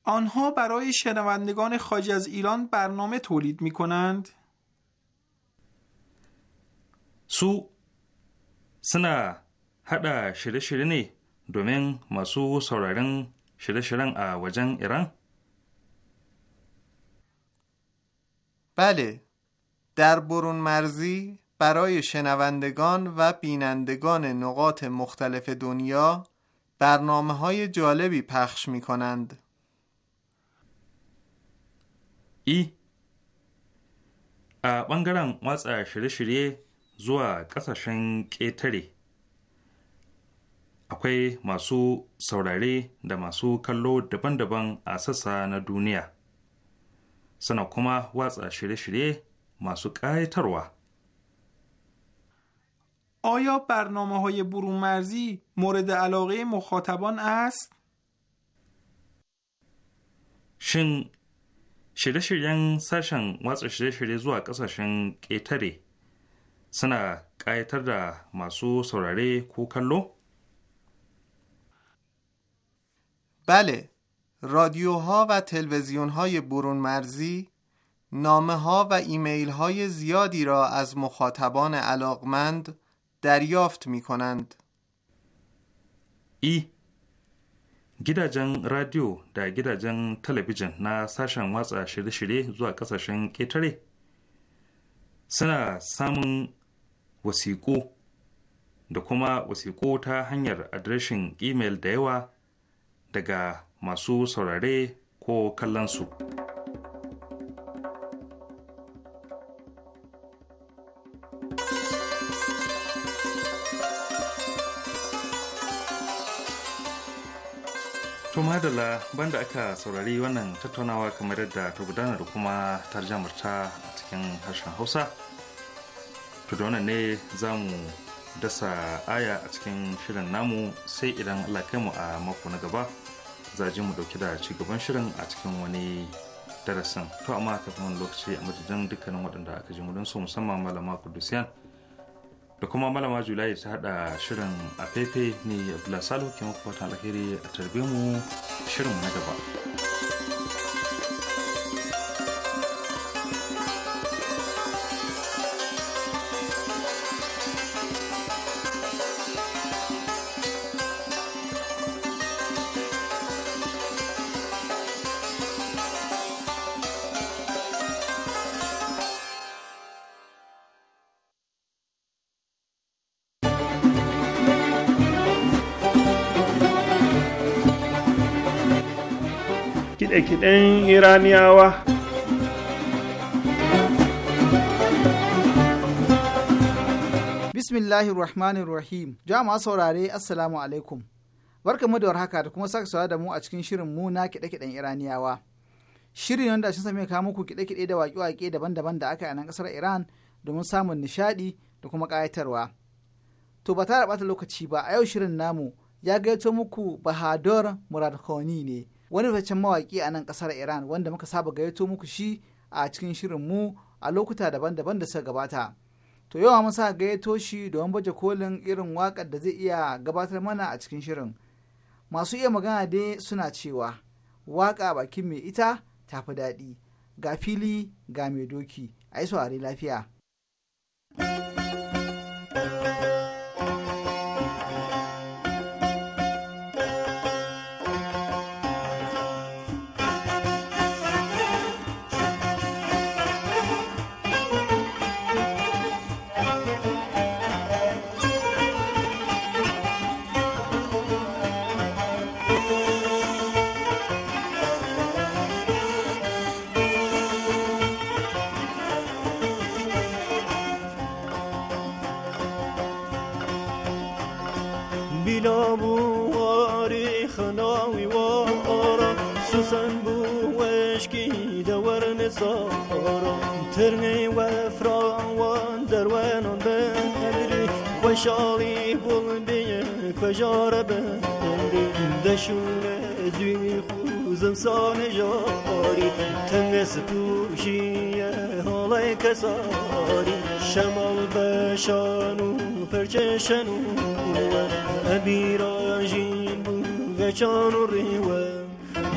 آنها برای شنوندگان خارج از ایران برنامه تولید می کنند؟ سو سنا حدا شده شده نی دومین ماسو سرارن شده شدن آوجن ایران؟ بله در برون مرزی برای شنوندگان و بینندگان نقاط مختلف دنیا برنامه های جالبی پخش می کنند. ای بانگران ɓangaren watsa شده زوا zuwa ƙasashen ƙetare akwai masu saurare da masu kallo daban-daban a sassa na suna kuma watsa shirye-shirye masu ƙayatarwa. آیا برنامه های برونمرزی مورد علاقه مخاطبان است؟ شن shirye-shiryen sashen watsa shirye-shirye zuwa ƙasashen ƙetare suna ƙayatar da masu saurare ko kallo? Bale, رادیوها و تلویزیونهای برون مرزی نامه ها و ایمیل های زیادی را از مخاطبان علاقمند دریافت می کنند. ای گیداجن رادیو و گیداجن تلویزیون نا ساشن واتس شده شده زوا کساشن کتره سنا سامن وسیقو دکوما وسیقو تا هنگر ادرشن ایمیل دیوا دگا masu saurare ko kallon su. To madala banda aka saurari wannan tattaunawa kamar yadda ta gudana da kuma tarjamar ta a cikin harshen Hausa. To da wannan ne za mu dasa aya a cikin shirin namu sai idan Allah kai mu a mako na gaba. zaji mu dauki da ci gaban shirin a cikin wani darasin to amma kafin wani lokaci a madadin dukkanin waɗanda aka ji don su musamman malama kudusiyan da kuma malama julai ta hada shirin a faifai ne abdullahi salo ke mafi alheri a tarbe mu shirin na gaba. kiɗe-kiɗen iraniyawa bismillahir rahmanir rahim jama'a saurare assalamu alaikum barkamu da warhaka da kuma sake saurara da mu a cikin shirin mu na kiɗe-kiɗen iraniyawa shirin wanda shi sami kawo muku kiɗe-kiɗe da waƙe-waƙe daban-daban da aka yi a nan ƙasar iran domin samun nishaɗi da kuma ƙayatarwa to ba ta ɓata lokaci ba a yau shirin namu ya gaito muku bahadur murad ne wani fitaccen mawaƙi a nan ƙasar iran wanda muka saba gayyato muku shi a cikin shirin mu a lokuta daban-daban da suka gabata to yawa mun sa gayyato shi domin baje kolin irin waƙar da zai iya gabatar mana a cikin shirin masu iya magana dai suna cewa waƙa bakin mai ita tafi daɗi ga fili ga mai doki a yi lafiya. thank you دارم ترنی و و در ونان بندی خوشالی بول بیه خوشار بندی دشون زوی خوزم سان جاری تنگ پوشیه حالای کساری شمال بشانو پرچشنو ابیراجین بو غچان و ریوه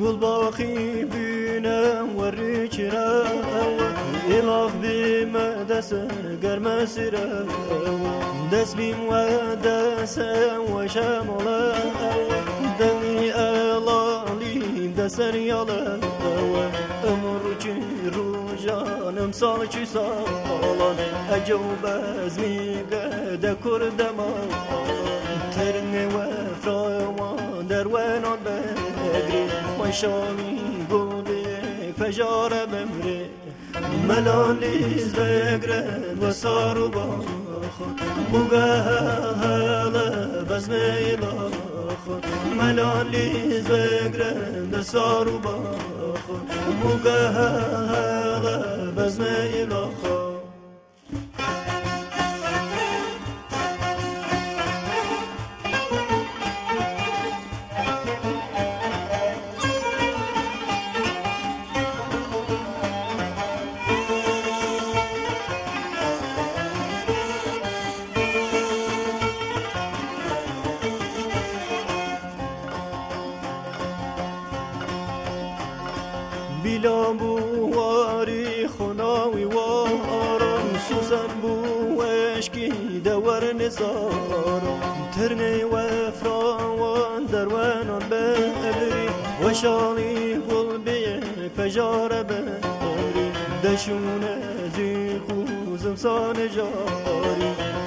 گل باقی بینم و ریچرا ایلاف بیم دست گرم سرا دست بیم و دست و شمالا دنی الالی دسر یالا امر چی رو جانم سال چی اجو بزمی گده کردما ترن و فراوان کروان بگری خوشامی گوده فجار بمره ملالیز بگره و سارو با خود بگه هلا بزمه با خود ملالیز بگره ده سارو با خود بگه هلا بزمه با خود ترنی و و زارا و وفرا و شالی وشالی بیه فجار بهاری دشون زی خوزم سان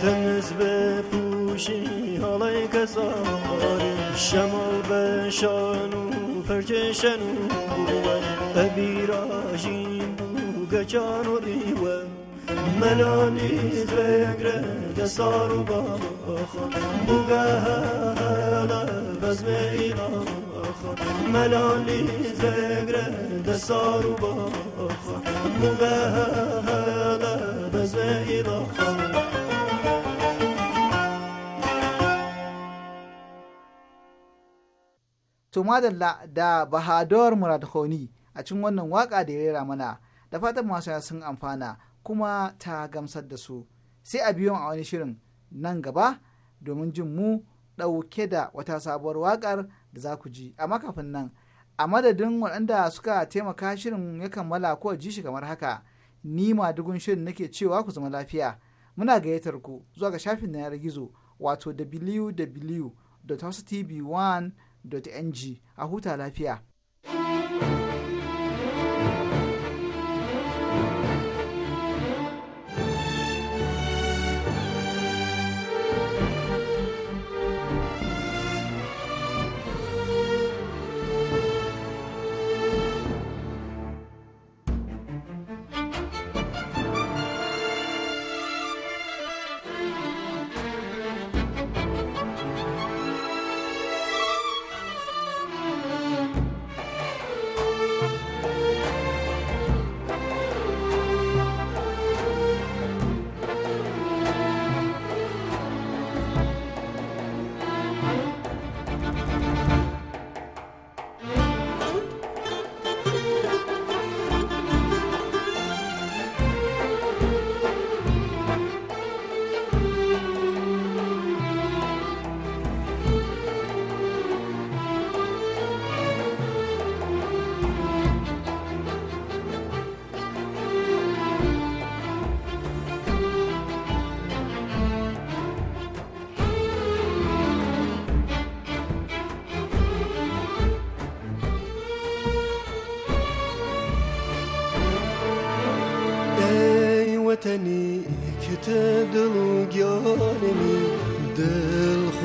تنس به پوشی حالای کساری شمال بشانو فرچشنو بود ابی راجین بو گچانو دیو. منانی زگر دستار و باخ بگاه بزم ایلا ملالی زگر دستار و باخ بگاه بزم To madalla da Bahadur Murad a cikin wannan waka da ya rera mana da fatan masu sun amfana kuma ta gamsar da su sai a biyon a wani shirin nan gaba domin jin mu ɗauke da wata sabuwar waƙar da za ku ji amma kafin nan a madadin waɗanda suka taimaka shirin ya kammala ko ji shi kamar haka ni ma dugun shirin nake cewa ku zama lafiya muna gayyatar ku zuwa ga shafin na yanar gizo wato www.housetv1.ng a huta lafiya.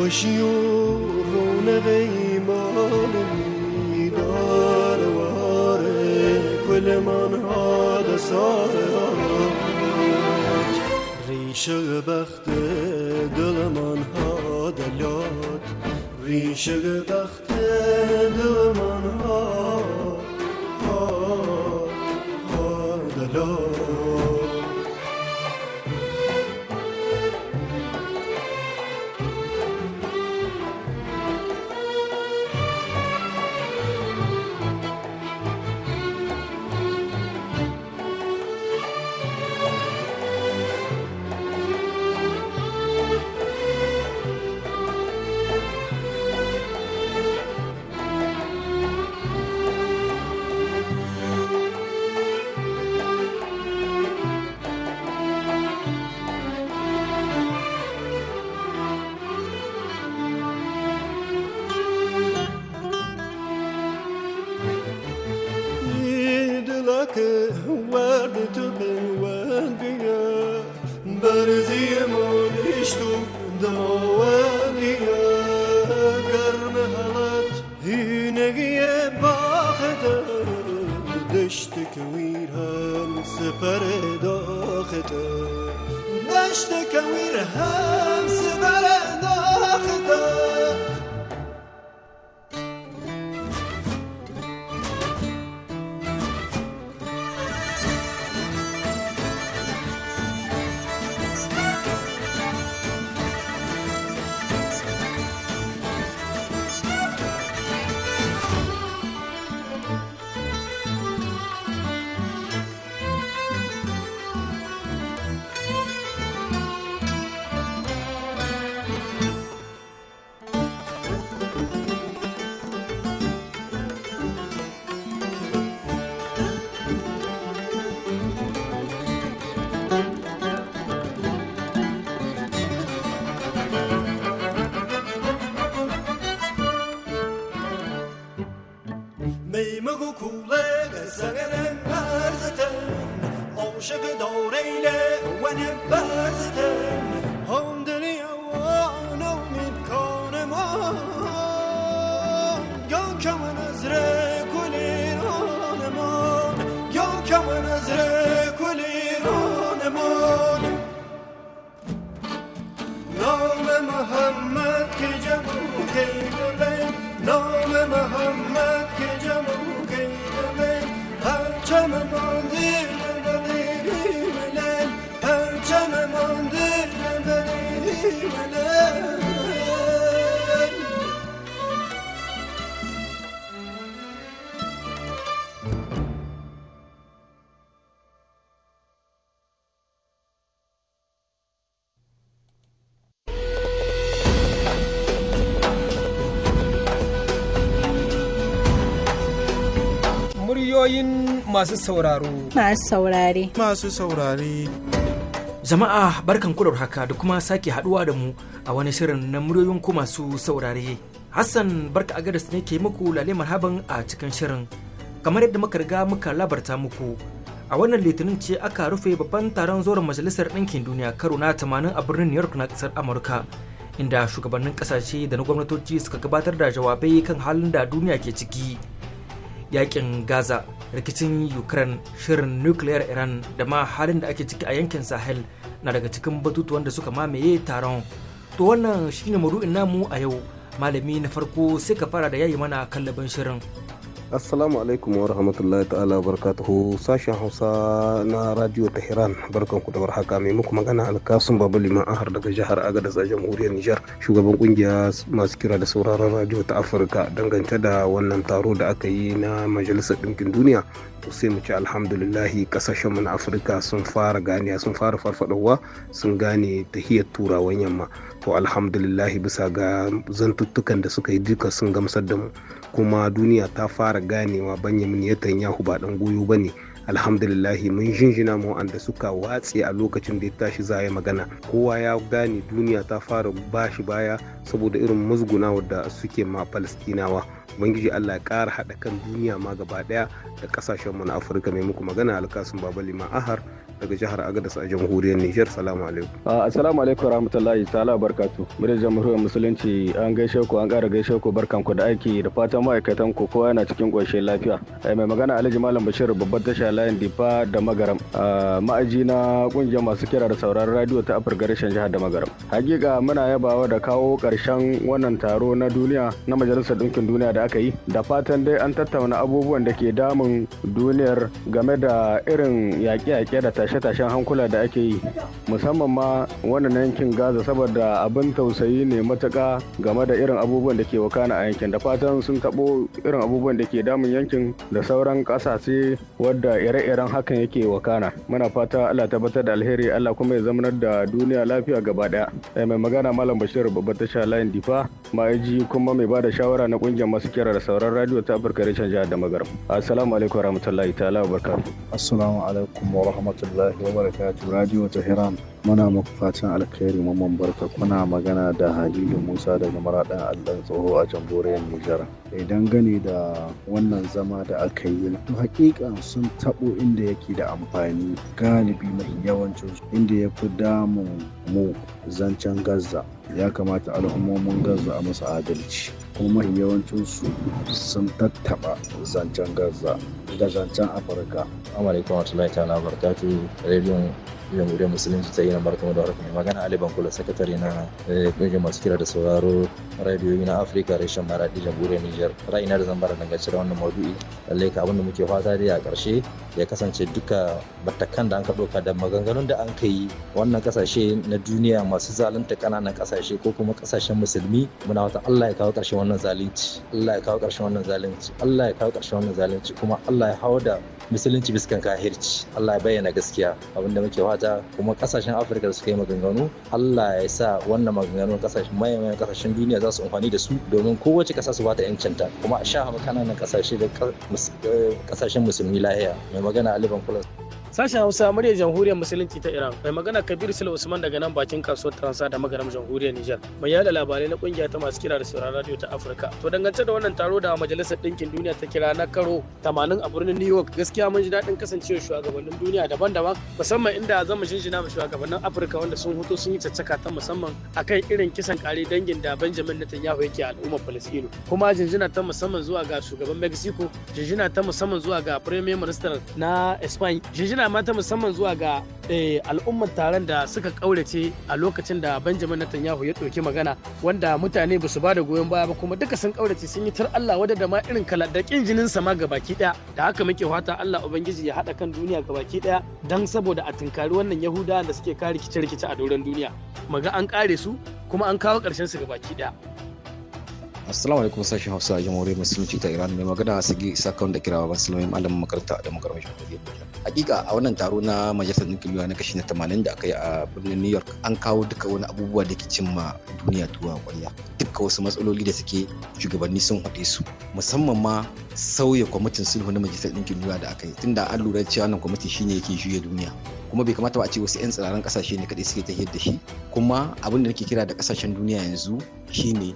hoje, hurt. masu sauraro. Masu saurare. Masu saurare. Jama'a barkan kudur haka da kuma sake haduwa da mu a wani shirin na muryoyin ku masu saurare. Hassan barka a gadas ne ke muku lale marhaban a cikin shirin. Kamar yadda muka riga muka labarta muku a wannan litinin ce aka rufe babban taron zoron majalisar ɗinkin duniya karo na 80 a birnin New York na ƙasar Amurka. Inda shugabannin ƙasashe da na gwamnatoci suka gabatar da jawabai kan halin da duniya ke ciki. Yakin Gaza rikicin ukraine shirin nukiliyar iran da ma halin da ake ciki a yankin sahel na daga cikin batutuwan da suka mamaye taron to wannan shine maru'in namu a yau malami na farko sai ka fara da yayi mana kallaban shirin assalamu alaikum wa rahmatullahi ta'ala wa barakatuhu sashen hausa na radio tehran barkan ku da warhaka mai muku magana alkasun babu liman ahar daga jihar agadas a jamhuriyar nijar shugaban kungiya masu kira da sauraron radio ta afirka dangance da wannan taro da aka yi na majalisar ɗinkin duniya to sai mu ci alhamdulillahi kasashen mu na afirka sun fara ganiya sun fara farfadowa sun gane tahiyar turawan yamma to alhamdulillahi bisa ga zantuttukan da suka yi duka sun gamsar da mu kuma duniya ta fara ganewa banyamin yahu ba dan goyo bane alhamdulillahi mun jinjina mu wanda suka watse a lokacin da ya tashi za ya magana kowa ya gane duniya ta fara bashi baya saboda irin musguna da suke ma falastinawa ubangiji allah ya kara haɗa kan duniya ma gaba daya da ƙasashen mu na afirka mai muku magana alkasun baba liman ahar daga jihar agadas a jamhuriyar nijar salamu alaikum assalamu alaikum rahmatullahi ta'ala barkatu mure jamhuriyar musulunci an gaishe ku an kara gaishe ku barkan ku da aiki da fatan ma'aikatan ku kowa yana cikin ƙoshin lafiya mai magana alhaji malam bashir babbar tasha layin difa da magaram ma'aji na ƙungiyar masu kira da sauraron radio ta afirka rashin jihar da magaram hakika muna yabawa da kawo ƙarshen wannan taro na duniya na majalisar ɗinkin duniya da aka yi da fatan dai an tattauna abubuwan da ke damun duniyar game da irin yaƙe-yaƙe da tashe-tashen hankula da ake yi musamman ma wannan yankin gaza saboda abin tausayi ne matuƙa game da irin abubuwan da ke wakana a yankin da fatan sun taɓo irin abubuwan da ke damun yankin da sauran ƙasashe wadda ire-iren hakan yake wakana muna fata allah tabbatar da alheri allah kuma ya zamanar da duniya lafiya gaba ɗaya eh, mai magana malam bashir babbar tasha layin difa ma'aji kuma mai ba da shawara na ƙungiyar masu masu kira sauran radio ta Afirka rishon Jihar da Magaram. Assalamu alaikum warahmatullahi ta'ala wabarakatuh. Assalamu alaikum wa rahmatullahi wa barakatuh. Radio Hiram. muna muku fatan alkhairi mamman barka kuna magana da Halilu Musa daga maradan Allah Tsoho a jamhuriyar Nijar. Idan eh, gane da wannan zama da aka yi to haƙiƙa sun tabo inda yake da amfani galibi mai yawancin inda ya fi damun mu zancen Gaza. Ya kamata al'ummomin Gaza a musu adalci. kuma yawancinsu sun tattaba zancen gaza da zancen afirka. Assalamu alaikum na ta'ala barakatuhu rediyon jamhuriyar musulunci ta na barkamu da harkar magana ali kula sakatare na eh, kungiyar masu kira da sauraro radiyoyi na afirka reshen maradi jamhuriyar niger raina da zan bara dangance da wannan maudu'i lalle ka abinda muke fata dai a ƙarshe ya kasance duka batakan da an ka ɗauka da maganganun da an ka yi wannan kasashe na duniya masu zalunta ƙananan kasashe ko kuma kasashen musulmi muna wata allah ya kawo ƙarshen wannan zalunci allah ya kawo wannan zalunci allah ya kawo wannan zalunci kuma allah ya hawo da musulunci biskan kahirci allah ya bayyana gaskiya abinda muke fata fata kuma kasashen afirka da suka yi maganganu allah ya sa wannan maganganu kasashen mayan kasashen duniya za su amfani da su domin kowace kasa su bata ta kuma a sha hama kananan kasashe da eh, kasashen musulmi lahiya mai magana aliban kulas Sashen Hausa muryar Jamhuriyar Musulunci ta Iran mai magana Kabir Sule Usman daga nan bakin kasuwar taransa da magaram Jamhuriyar Nijar. Mai yada labarai na kungiya ta masu kira da sauran radio ta Afirka. To dangance da wannan taro da Majalisar Dinkin Duniya ta kira na karo 80 a birnin New York gaskiya mun ji daɗin kasancewar shugabannin duniya daban-daban musamman inda zan zama jinjina ma shugabannin Afirka wanda sun hoto sun yi caccaka ta musamman akan irin kisan kare dangin da Benjamin Netanyahu yake al'ummar palestino Kuma jinjina ta musamman zuwa ga shugaban Mexico, jinjina ta musamman zuwa ga Premier Minister na Spain, jinjina mata musamman zuwa ga eh, al'ummar taron da suka kaurace a lokacin da Benjamin Netanyahu ya ɗauki magana wanda mutane ba su ba da goyon baya ba kuma duka sun kaurace sun yi tar Allah wadda da ma irin kala da kin jinin sa ma baki ɗaya da haka muke fata Allah ubangiji ya hada kan duniya baki daya dan saboda a tinkari wannan Yahuda da suke kare rikice-rikice a doron duniya. Maga an kare su kuma an kawo karshen su baki daya. assalamu alaikum sashen hausa a jamhuriyar musulunci ta iran mai magana a sigi sakon da kirawa barcelona malamin makaranta da makarmar jamhuriyar hakika a wannan taro na majalisar nukiliya na kashi na 80 da aka yi a birnin new york an kawo duka wani abubuwa da ke cimma duniya tuwa kwarya duka wasu matsaloli da suke shugabanni sun haɗe su musamman ma sauya kwamitin sulhu na majalisar ɗinkin duniya da aka yi tunda an lura cewa wannan kwamitin shine yake juya duniya kuma bai kamata ba a ce wasu 'yan tsiraran kasashe ne kaɗai suke tafiyar da shi kuma abin da nake kira da kasashen duniya yanzu shine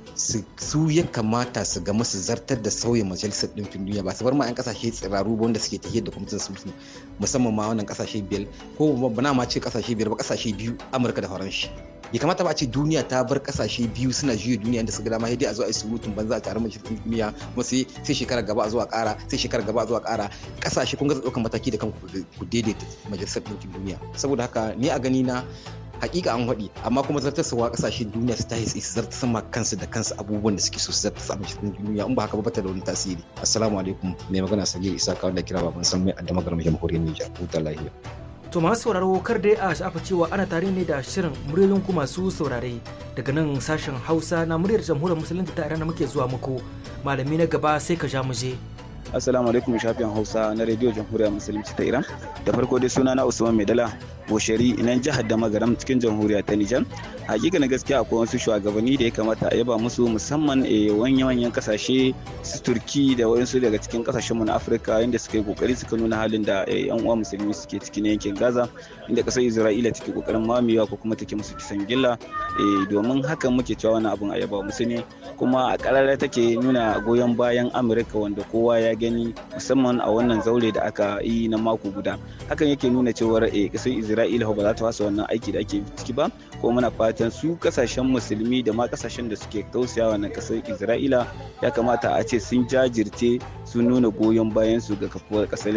su ya kamata su gama su zartar da sauya majalisar ɗinkin duniya ba su bar ma 'yan kasashe tsiraru ba wanda suke tafiyar da kwamitin sulhu musamman ma wannan kasashe biyar ko ba ma ce kasashe biyar ba kasashe biyu amurka da faranshi ya kamata ba a ce duniya ta bar kasashe biyu suna juya duniya inda suka dama dai a zo a yi surutun banza a taron majalisar duniya kuma sai sai shekara gaba a zuwa kara sai shekara gaba a zuwa kara kasashe kun ga ɗaukan mataki da kanku ku daidaita majalisar ɗaukin duniya saboda haka ni a gani na hakika an haɗi amma kuma zartaswa kasashen duniya su tahi su zartasa ma kansu da kansu abubuwan da suke so su zartar ma cikin duniya in ba haka ba ta da wani tasiri assalamu alaikum mai magana sagir isa kawai da kira baban san mai addama garin jamhuriyar Nijar huta lahiya to masu sauraro kar dai a sha'afa cewa ana tare ne da shirin muryoyin ku masu saurare daga nan sashen Hausa na muryar jamhuriyar musulunci ta Iran muke zuwa muku malami na gaba sai ka ja mu je Assalamu alaikum shafin Hausa na Radio Jamhuriyar Musulunci ta Iran. Da farko dai suna na Usman Maidala boshari nan jihar da magaram cikin jamhuriya ta nijar hakika na gaskiya akwai wasu shugabanni da ya kamata a yaba musu musamman wanyan eh, manyan kasashe su turki da wayansu daga cikin kasashen mu na afirka inda suka yi kokari suka nuna halin da yan eh, uwa musulmi suke cikin yankin gaza inda kasar isra'ila take kokarin mamewa ko kuma take musu kisan gilla eh, domin hakan muke cewa wani abun a yaba musu ne kuma a karara take nuna goyon bayan amurka wanda kowa ya gani musamman a wannan zaure da aka yi na mako guda hakan yake nuna cewar kasar isra'ila isra'ila ba za ta fasa wannan aiki da ake ciki ba ko muna fatan su kasashen musulmi da ma kasashen da suke tausaya wannan kasar isra'ila ya kamata a ce sun jajirce sun nuna goyon bayan su ga kafuwar kasar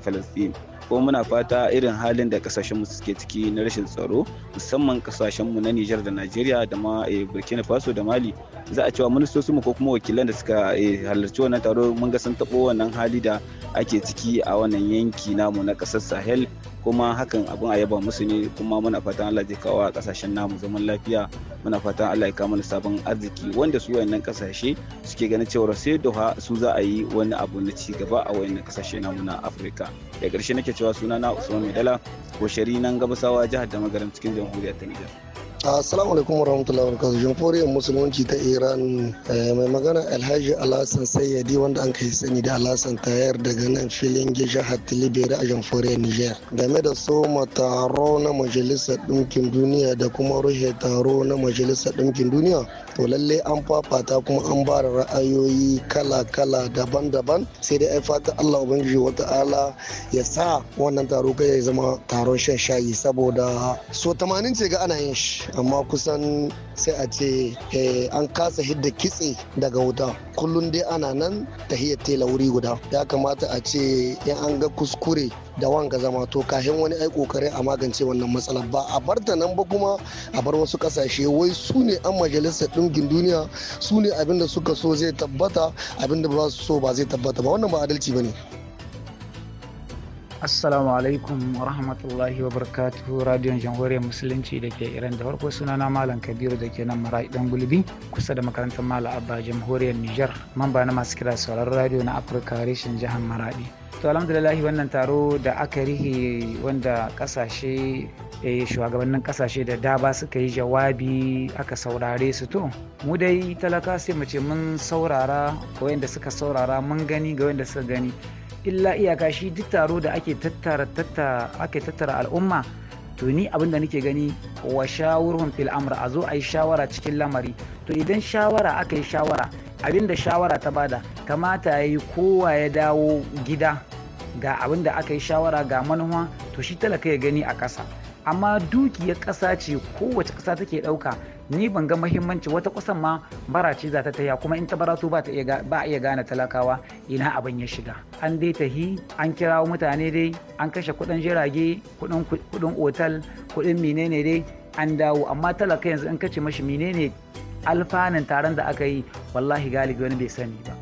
falastin ko muna fata irin halin da kasashen mu suke ciki na rashin tsaro musamman kasashen mu na niger da Najeriya da ma eh, Burkina Faso da Mali za a cewa ministoci mu ko kuma wakilan da suka eh, halarci wannan taro mun ga sun tabo wannan hali da ake ciki a wannan yanki namu na kasar Sahel kuma hakan abin a yaba musu ne kuma muna fatan Allah zai kawo a kasashen namu zaman lafiya muna fatan Allah ya kawo sabon arziki wanda su wayannan kasashe suke ganin cewa sai doha su za a yi wani abu na ci gaba a wayannan kasashe namu na Afirka da ƙarshe nake cewa sunana Usman Medala ko shari nan gabasawa jihar da cikin jamhuriyar a Nijar Assalamu alaikum warahmatullahi wabarakatuh. Jamhuriyar Musulunci ta Iran eh, mai magana Alhaji Alhassan Sayyadi wanda an kai sani da Alhassan Tayar daga nan filin hattili Tilibiri a Jamhuriyar Niger. Game da soma taro na Majalisar Ɗinkin Duniya da kuma ruhe taro na Majalisar Ɗinkin Duniya to lalle an fafata kuma an ba ra'ayoyi kala-kala daban-daban sai dai ai fata Allah ubangiji wata'ala ya sa wannan taro kai ya zama taron shan shayi saboda so 80 ce ga ana yin shi amma kusan sai a ce eh, an kasa hidda kitse daga wuta kullum dai ana nan ta tela wuri guda ya kamata a ce in an ga kuskure da wanga zama to kahin wani ai kokarin a magance wannan matsalar ba a bar ta nan ba kuma a bar wasu kasashe wai su ne an majalisar dangin duniya su ne abin da suka so zai tabbata abin da ba su so ba zai tabbata ba wannan ba adalci ba ne. Assalamu alaikum wa rahmatullahi wa barakatuhu radiyon jamhuriyar musulunci da ke Iran da farko sunana Malam Kabiru da ke nan Marai dan gulbi kusa da makarantar Malam Abba jamhuriyar Nijar mamba na masu kira sauran radiyo na Afirka reshen jihar Maradi. to Alhamdulillah, wannan taro da aka rihe wanda kasashe eh, shugabannin kasashe da daba suka yi jawabi aka saurare su to mu dai talaka sai mu ce mun saurara ga wanda suka saurara mun gani ga wanda suka gani illa iyaka shi duk taro da ake tattara ake tattara al'umma to ni abin da nake gani wa shawurun fil amr a zo a yi shawara cikin lamari to idan shawara aka yi shawara abin da shawara ta bada kamata ya yi kowa ya dawo gida ga abin da aka yi shawara ga manoma to shi talaka ya gani a ƙasa amma dukiyar ƙasa ce kowace ƙasa take ɗauka ni ban ga mahimmanci wata ƙasan ma bara ce za ta taya kuma in ta barato ba a iya gane talakawa ina abin ya shiga an dai tahi an kira mutane dai an kashe kuɗin jirage kuɗin otal kuɗin menene dai an dawo amma talaka yanzu in kace mashi menene alfanun taron da aka yi wallahi galibi wani bai sani ba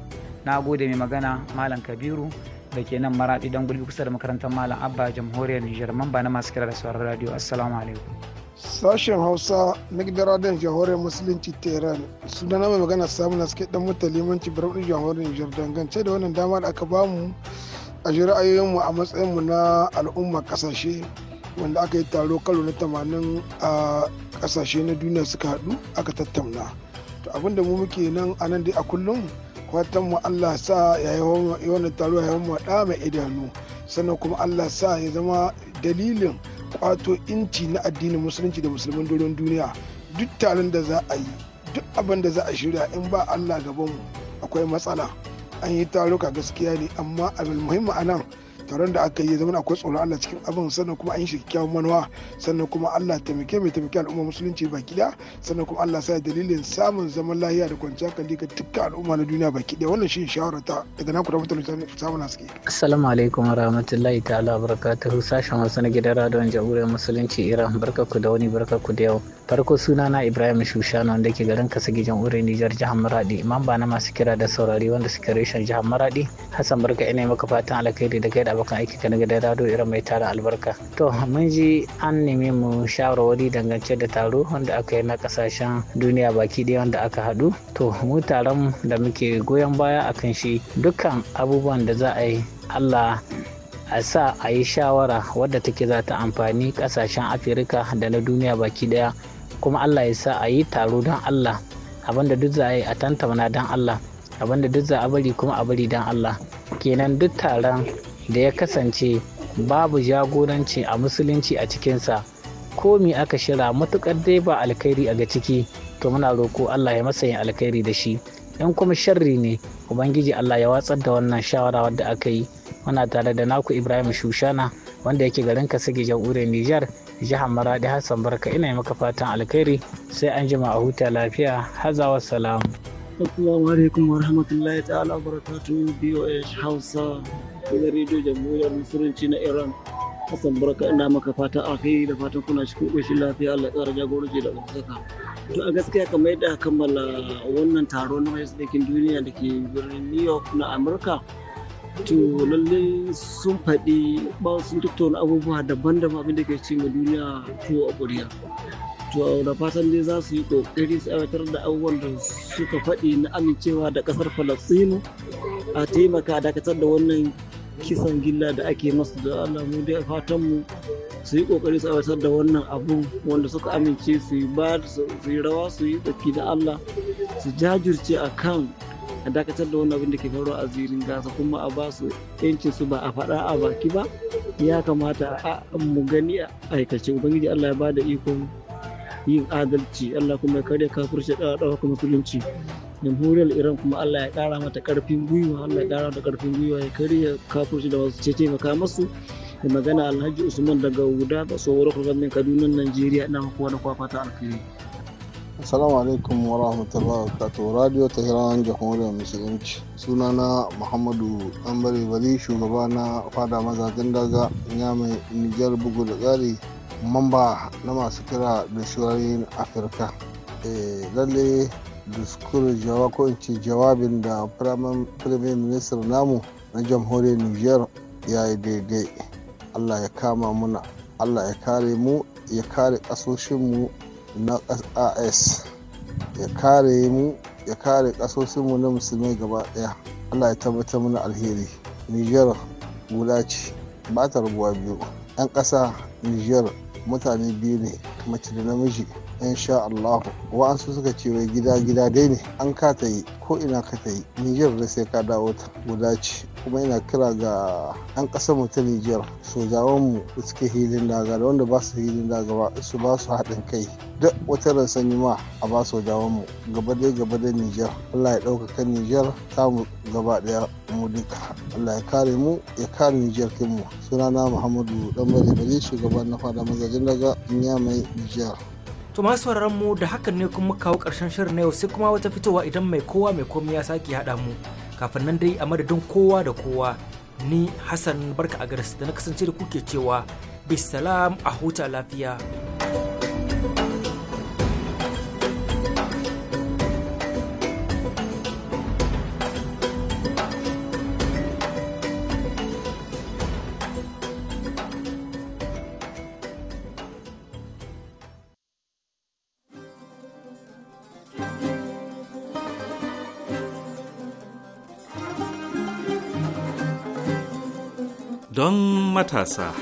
na gode mai magana malam kabiru da ke nan maraɗi don gulbi kusa da makarantar malam abba jamhuriyar nijar mamba na masu kira da sauran radio assalamu alaikum sashen hausa na gidan da jahoriyar musulunci tehran da mai magana samun na suke dan mutane limanci birnin jamhuriyar nijar dangance da wannan dama da aka bamu a ji ra'ayoyinmu a matsayin mu na al'umma kasashe wanda aka yi taro kalo na tamanin a kasashe na duniya suka haɗu aka tattauna to abinda mu muke nan a nan dai a kullum fatan mu Allah sa ya yi wani taro ya yi ɗa mai idanu sannan kuma Allah sa ya zama dalilin kwato inci na addinin musulunci da musulman doron duniya duk taron da za a yi duk abin da za a shirya in ba Allah gabanmu akwai matsala an yi taruka gaskiya ne amma abin muhimmi a nan taron da aka yi zama akwai tsoro Allah cikin abin sannan kuma an yi shi kyakkyawan manuwa sannan kuma Allah taimake mai taimake al'umma musulunci baki daya sannan kuma Allah sa dalilin samun zaman lahiya da kwanciyar hankali ga dukkan al'umma na duniya baki daya wannan shi shawara ta daga naku rahmatullahi samun haske assalamu alaikum wa rahmatullahi ta'ala barakatuhu sashen wasu na gidan radon jamhuriyar musulunci Iran barkaku da wani barkaku da yau farko suna na Ibrahim Shushana wanda ke garin Kasagi jamhuriyar Nijar jihar Maradi imam ba na masu kira da saurari wanda suke reshen jihar Maradi Hassan barka ina maka fatan alkhairi da kai da abokan aiki ka na da rado irin mai tara albarka to mun ji an neme mu shawarwari dangance da taro wanda aka yi na kasashen duniya baki ɗaya wanda aka haɗu to mu taron da muke goyon baya akan shi dukkan abubuwan da za a yi allah a sa a yi shawara wadda take za ta amfani kasashen afirka da na duniya baki daya kuma allah ya sa a yi taro don allah abinda duk za a yi a tantamana don allah abinda duk za a bari kuma a bari don allah kenan duk taron da ya kasance babu jagoranci a musulunci a cikinsa komi aka shira matukar dai ba alkhairi a ga ciki to muna roko Allah ya masa yin alkhairi da shi in kuma sharri ne ubangiji Allah ya watsar da wannan shawara wadda aka yi muna tare da naku Ibrahim Shushana wanda yake garin Kasige jamhuriyar Nijar jihar Maradi Hassan Barka ina yi maka fatan alkhairi sai an jima a huta lafiya wa salam assalamu alaikum rahmatullahi ta'ala barakatuh BOH Hausa gidan rediyo jamhuriyar musulunci na iran hassan barka ina maka fatan alheri da fatan kuna cikin shi lafiya allah ƙara jagoranci da ɗaukaka to a gaskiya kamar yadda kammala wannan taro na majalisar ɗinkin duniya da ke birnin new york na amurka to lalle sun faɗi ba sun tattauna abubuwa daban-daban abin da ke ci ma duniya tuwo a ƙuriya to da fatan dai za su yi ƙoƙari su aiwatar da abubuwan da suka faɗi na amincewa da ƙasar falastinu a taimaka dakatar da wannan kisan gilla da ake masu da Allah mu dai fatan mu su yi kokari su aiwatar da wannan abu wanda suka amince su yi ba su yi rawa su yi tsaki da Allah su jajirce a kan a dakatar da wannan abin da ke faruwa a zirin gasa kuma a ba su yancin su ba a faɗa a baki ba ya kamata a mu gani a aikace ubangiji Allah ya ba da ikon yin adalci Allah kuma ya karya kafirce da kuma kulunci jamhuriyar iran kuma allah ya kara mata karfin gwiwa allah ya kara mata karfin gwiwa ya karya kafurci da wasu ce taimaka masu da magana alhaji usman daga wuda da tsohuwar gwamnatin kaduna najeriya ina muku wani ta alkhairi Assalamu alaikum wa rahmatullahi wa barakatuh. Radio Tehran Jamhuriyar Musulunci. Sunana Muhammadu Ɗanbare Bari shugaba na fada mazajen daga mai Nijar bugu da tsari mamba na masu kira da shirayin Afirka. E, lalle diskur ko in ce jawabin da firamin ministan namu na jamhuriyar niger ya yi daidai allah ya kama muna allah ya kare mu ya kare kasoshinmu na as ya kare mu ya kare kasoshinmu na musulmai gaba daya allah ya tabbatar muna alheri niger guda ce ba ta rabuwa biyu 'yan ƙasa niger mutane biyu ne mace da namiji insha Allah wa'ansu suka ce wai gida gida dai ne an ka ta yi ko ina ka ta yi Nijar da sai ka dawo ta guda ce kuma ina kira ga 'yan ƙasar mu ta Nijar sojawan mu suke hilin daga da wanda ba su hilin daga ba su ba su haɗin kai duk wata sanyi ma a ba sojawan mu gaba dai gaba da Nijar Allah ya ɗaukaka Nijar mu gaba ɗaya mu duka Allah ya kare mu ya kare Nijar kinmu sunana Muhammadu dan Bari shugaban na fada mazajin daga Nyamai Nijar. To masu sauraron mu da hakan ne kuma kawo karshen shirin na yau sai kuma wata fitowa idan mai kowa mai komai ya sake haɗa mu. Kafin nan dai a madadin kowa da kowa ni Hassan Barka Agaris da na kasance da kuke cewa bisalam a huta lafiya. matasa.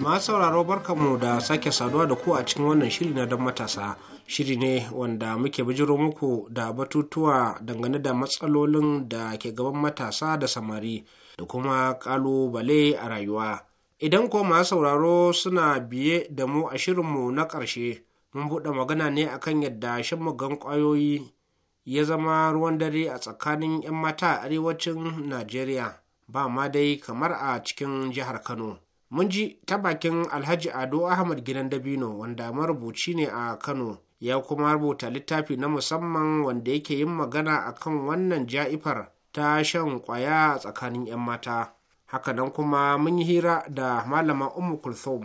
masu sauraro barkanmu da sake saduwa da ku a cikin wannan shiri na don matasa shiri ne wanda muke bijiro muku da batutuwa dangane da matsalolin da ke gaban matasa da samari da kuma kalubale a rayuwa idan ko masu sauraro suna biye da mu a shirinmu na ƙarshe mun buɗe magana ne akan yadda shan mugan ƙwayoyi ya zama ruwan dare a tsakanin 'yan mata a arewacin najeriya ba ma dai kamar a cikin jihar kano mun ji ta bakin alhaji ado ahmad gidan dabino wanda marubuci ne a kano ya kuma rubuta littafi na musamman wanda yake yin magana akan wannan ja'ifar ta shan kwaya a tsakanin 'yan mata hakanan kuma mun yi hira da malama umu kulthum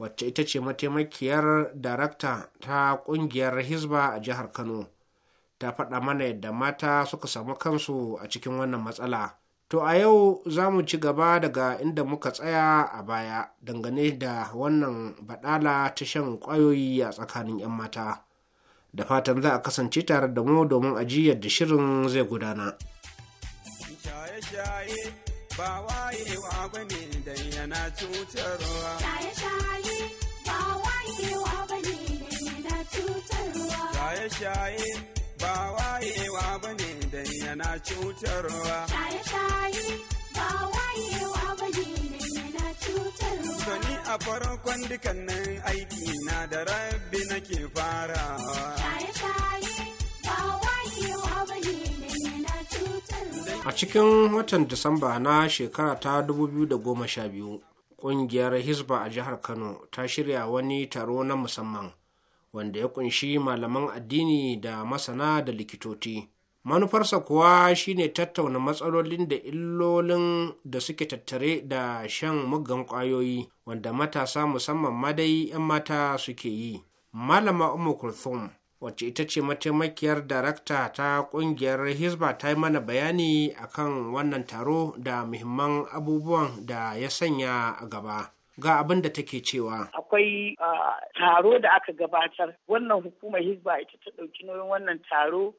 wacce ita ce mataimakiyar darakta ta ƙungiyar Hisba a jihar kano ta faɗa mana yadda mata suka samu kansu a cikin wannan matsala to a yau za mu ci gaba daga inda muka tsaya a baya dangane da wannan baɗala ta shan ƙwayoyi a tsakanin 'yan mata da fatan za a kasance tare da mu domin ajiyar da shirin zai gudana shaye-shaye ba wayewa ba ne dan yana cutarwa. Shaye-shaye ba wayewa ba ne dan yana cutarwa. Shaye-shaye ba wayewa ba ne dan yana cutarwa. Shaye-shaye ba wayewa ba ne Sani a farkon dukannin aiki na da rabbi nake farawa. a cikin watan disamba na shekara ta 2012 ƙungiyar Hisba a jihar kano ta shirya wani taro na musamman wanda ya kunshi malaman addini da masana da likitoci manufarsa kuwa shine tattauna matsalolin da illolin da suke tattare da shan muggan ƙwayoyi, wanda matasa musamman madai 'yan mata suke yi malama Umar kulthum wacce ita ce mataimakiyar darakta ta kungiyar hizba ta yi mana bayani akan wannan taro da muhimman abubuwan da ya sanya a gaba ga abin da take cewa akwai taro da aka gabatar wannan hukumar hizba ita ta ɗauki nauyin wannan taro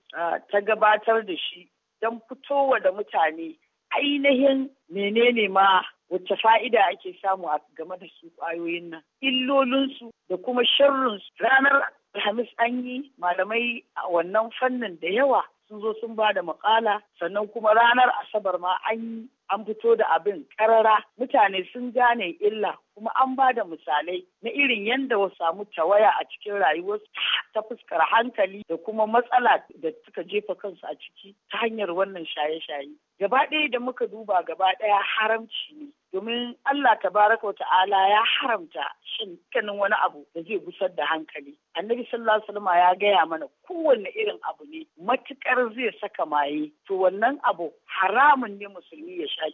ta gabatar da shi don fitowa da mutane ainihin menene ma wacce fa'ida ake samu a game da su kwayoyin nan illolinsu da kuma sharrinsu ranar alhamis an yi malamai a wannan fannin da yawa sun zo sun ba da makala sannan kuma ranar asabar ma an yi an fito da abin karara mutane sun gane illa kuma an ba da misalai na irin yadda wa samu tawaya a cikin rayuwarsu ta fuskar hankali da kuma matsala da suka jefa kansu a ciki ta hanyar wannan shaye-shaye gaba ɗaya da muka duba gaba ɗaya haramci ne domin Allah tabaraka wa ta'ala ya haramta shin kanin wani abu da zai gusar da hankali annabi sallallahu alaihi wasallam ya gaya mana kowanne irin abu ne matukar zai saka maye to wannan abu haramun ne musulmi ya sha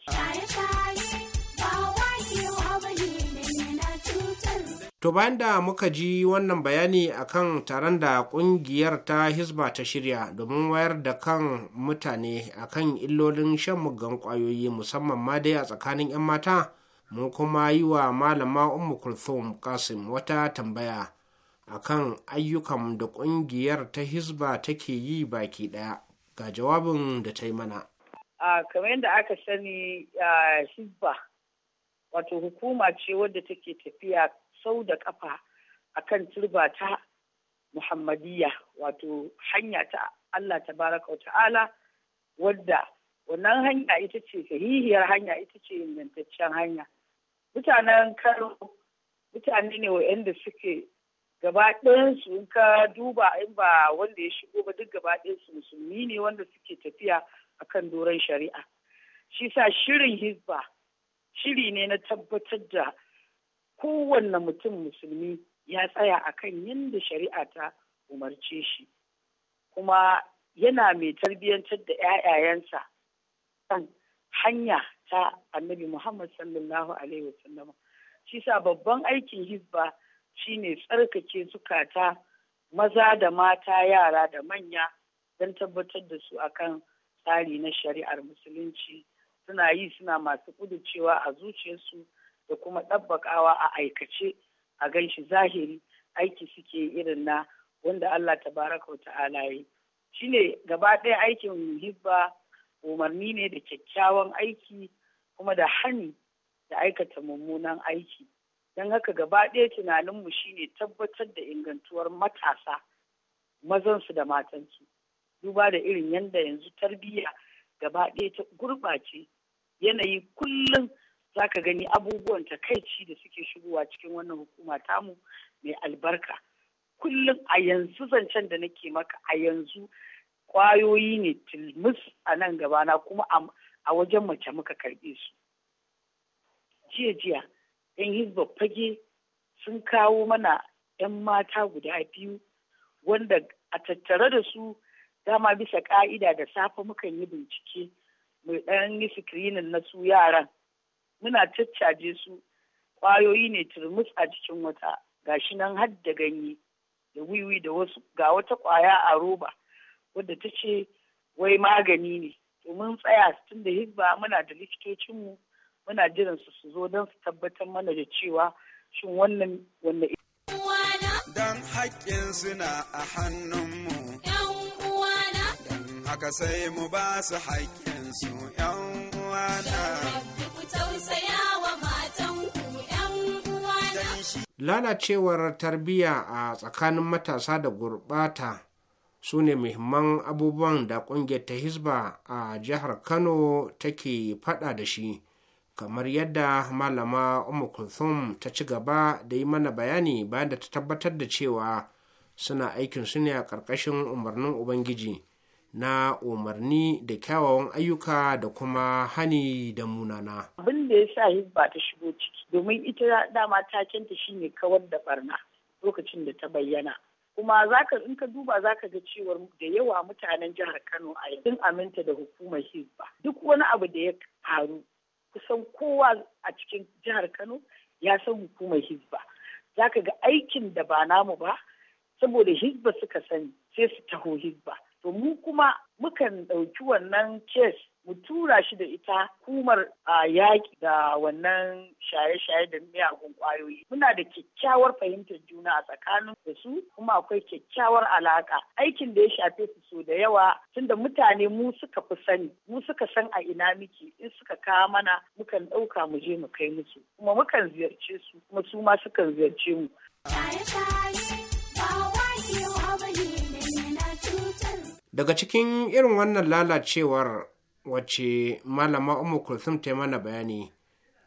shi To bayan da muka ji wannan bayani akan taron da kungiyar ta Hizba ta shirya domin wayar da kan mutane akan illolin shan muggan kwayoyi musamman ma dai a tsakanin 'yan mata, mun kuma yi wa malama Ummu Kulthum Kasim wata tambaya akan ayyukan da kungiyar ta Hizba take yi baki daya ga jawabin da ta yi mana. kamar aka sani wato hukuma ce wadda take tafiya sau da kafa akan turba ta Muhammadiyya wato hanya ta Allah ta baraka wa ta'ala wadda wannan hanya ita ce sahihiyar hanya ita ce ingantaccen hanya mutanen kano mutane ne wa'anda suke gaba in ka duba in ba wanda ya shigo ba duk gaba musulmi ne wanda suke tafiya a kan doron shari'a shi sa shirin hizba shiri ne na tabbatar da kowanne mutum musulmi ya tsaya akan yadda shari'a ta umarce shi kuma yana mai tarbiyyantar da 'ya'yayensa kan hanya ta annabi Muhammad sallallahu Alaihi wasallam. Shi sa babban aikin hizba shine tsarkake zukata maza da mata yara da manya don tabbatar da su akan tsari na shari'ar musulunci suna yi suna masu cewa a zuciyarsu da kuma ɗabbakawa a aikace a ganshi zahiri aiki suke irin na wanda Allah tabaraka wa ta'ala yi shine gaba ɗaya aikin hibba umarni ne da kyakkyawan aiki kuma da hani da aikata mummunan aiki don haka gaba ɗaya tunaninmu shi ne tabbatar da ingantuwar matasa mazansu da matansu duba da irin yanda yanzu tarbiyya gaba ɗaya ta gurɓace yanayi kullum za ka gani abubuwan takaici da suke shigowa cikin wannan hukuma tamu mai albarka kullum a yanzu zancen da nake maka a yanzu kwayoyi ne tilmus a nan gabana kuma a wajen mace muka karbe su jiya jiya yan hizba fage sun kawo mana yan mata guda biyu wanda a tattare da su dama bisa ka'ida da safe mukan yi bincike mai ɗan yi sikirinin na su yaran muna caccaje su ƙwayoyi ne turmus a cikin wata gashi nan har da ganye da wiwi da wasu ga wata kwaya a roba wadda ta ce wai magani ne to mun tsaya tun da hizba muna da likitocinmu muna jiran su su zo don su tabbatar mana da cewa shin wannan wanda dan haƙƙin suna a hannunmu haka sai mu ba su haƙƙinsu 'yan uwana Lalacewar tarbiyya a tsakanin matasa da Gurbata, su ne muhimman abubuwan da ƙungiyar ta Hisba a jihar Kano take faɗa da shi, kamar yadda Malama Umar ta ci gaba da yi mana bayani bayan da ta tabbatar da cewa suna aikin su ne a ƙarƙashin umarnin Ubangiji. na umarni da kyawawan ayyuka da kuma hani da munana. Abin da ya sa hizba ta shigo ciki domin ita dama takenta shine kawar da barna lokacin da ta bayyana. Kuma zaka in ka duba zaka ga cewar da yawa mutanen jihar Kano a yanzu aminta da hukumar hizba. Duk wani abu da ya faru kusan kowa a cikin jihar Kano ya san hukumar hizba. Zaka ga aikin da ba namu ba saboda hizba suka sani sai su taho hizba. To mu kuma mukan ɗauki wannan kes mu tura shi da ita kumar a yaƙi da wannan shaye-shaye da miyagun ƙwayoyi. Muna da kyakkyawar fahimtar juna a tsakanin da su kuma akwai kyakkyawar alaƙa. Aikin da ya shafe su so da yawa tunda mutane mu suka fi sani, mu suka san a ina muke in suka kawo mana mukan ɗauka mu je mu kai musu kuma mukan ziyarce su kuma su ma sukan ziyarce mu. Shaye-shaye, daga cikin irin wannan lalacewar wacce malama umu kulthum ta mana bayani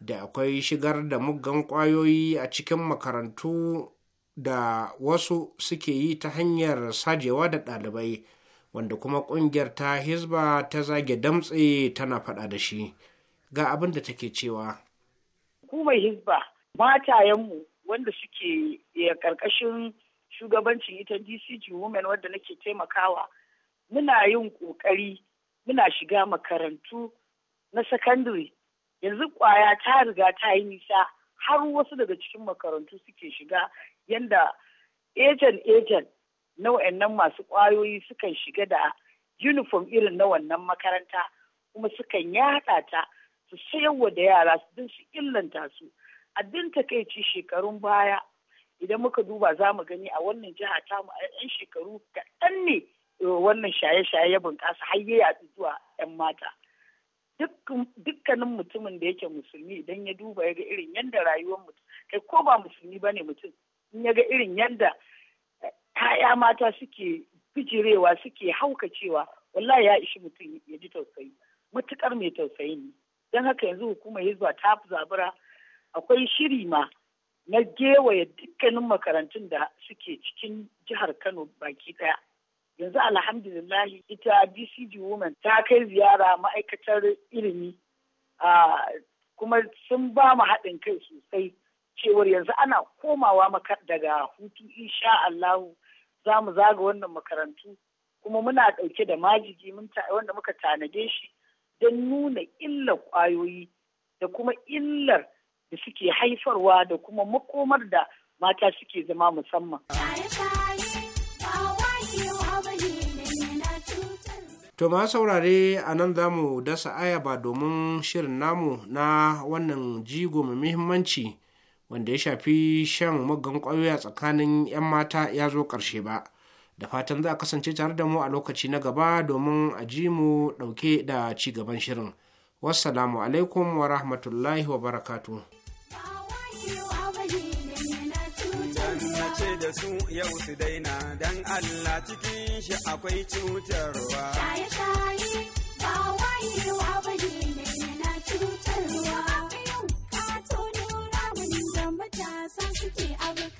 da akwai shigar da muggan kwayoyi a cikin makarantu da wasu suke yi ta hanyar sajewa da ɗalibai wanda kuma ƙungiyar ta hizba ta zage damtse tana faɗa da shi ga abin da take cewa hukumar hizba matayenmu wanda suke eh, ƙarƙashin shugabancin ita dcg women wadda nake taimakawa muna yin ƙoƙari muna shiga makarantu na sakandare yanzu kwaya ta riga ta yi nisa har wasu daga cikin makarantu suke shiga yanda ejen ejen na wa'annan masu ƙwayoyi sukan shiga da uniform irin na wannan makaranta kuma sukan yaɗa ta su sayarwa da yara su din su illanta su A din takaici shekarun baya idan muka duba za mu gani a wannan jiha tamu a 'yan shekaru kaɗan ne wannan shaye-shaye ya bunƙasa har ya yaɗu zuwa 'yan mata. Dukkanin mutumin da yake musulmi idan ya duba ya ga irin yadda rayuwar mutum, kai ko ba musulmi ba ne mutum, in ya ga irin yadda eh, ‘ya'ya mata suke bijirewa suke haukacewa, wallahi ya ishi mutum ya ji tausayi, matuƙar mai tausayi ne. Don haka yanzu hukumar Hizba ta zabura akwai shiri ma na gewaye dukkanin makarantun da suke cikin jihar Kano baki ɗaya. yanzu alhamdulillahi ita bcg women ta kai ziyara ma'aikatar ilimi kuma sun ba mu haɗin kai sosai cewar yanzu ana komawa daga hutu insha Allahu za mu zaga wannan makarantu kuma muna ɗauke da majigi wanda muka tanade shi don nuna illar ƙwayoyi da kuma illar da suke haifarwa da kuma makomar da mata suke zama musamman. To ma saurare a nan za mu dasa aya ba domin shirin namu na wannan jigo mai muhimmanci wanda ya shafi shan muggan ƙwayoyi tsakanin 'yan mata ya zo ƙarshe ba. Da fatan za a kasance tare da mu a lokaci na gaba domin a ji mu ɗauke da ci gaban shirin. Wassalamu alaikum wa rahmatullahi wa barakatuh. su yau su daina dan Allah cikin shi akwai cutarwa. Shaye-shaye ba wayewa ba ne na cutarwa. A yau ka tono da matasa suke abu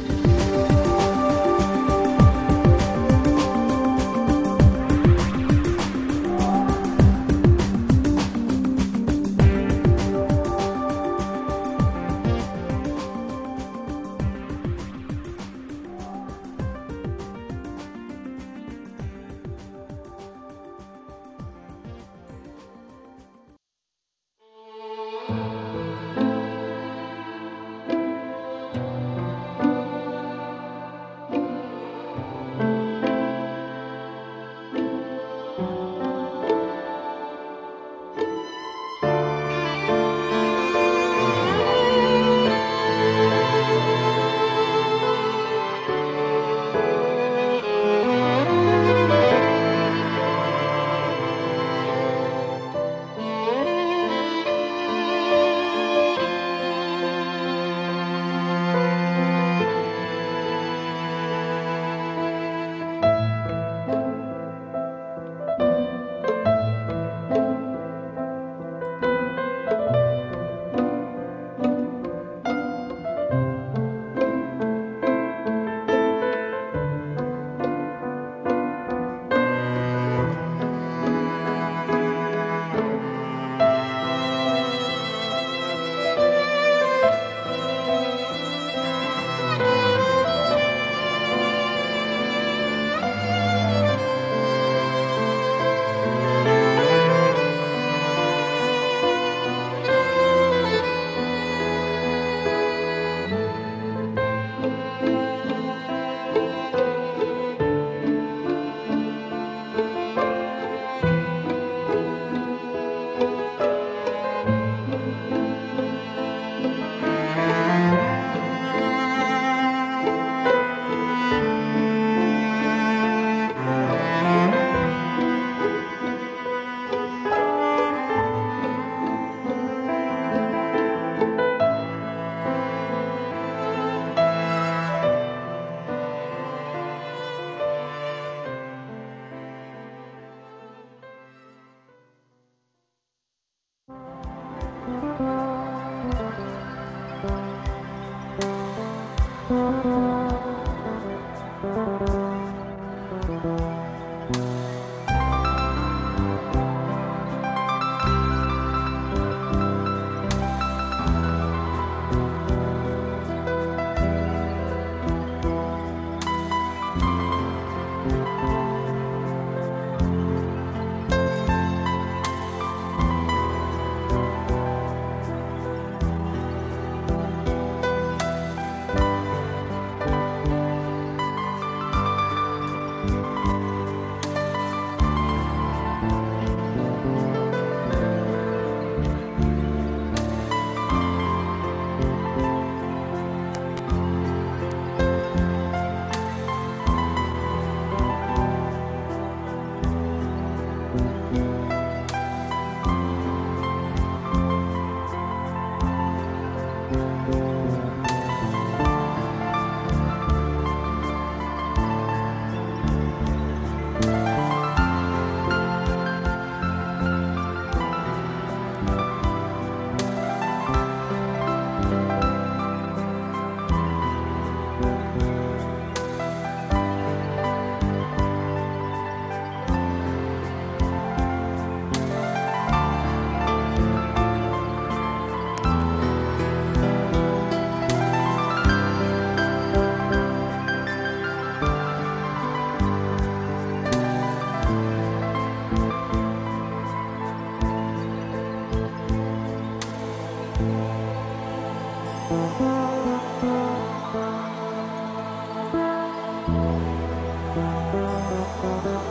Thank you.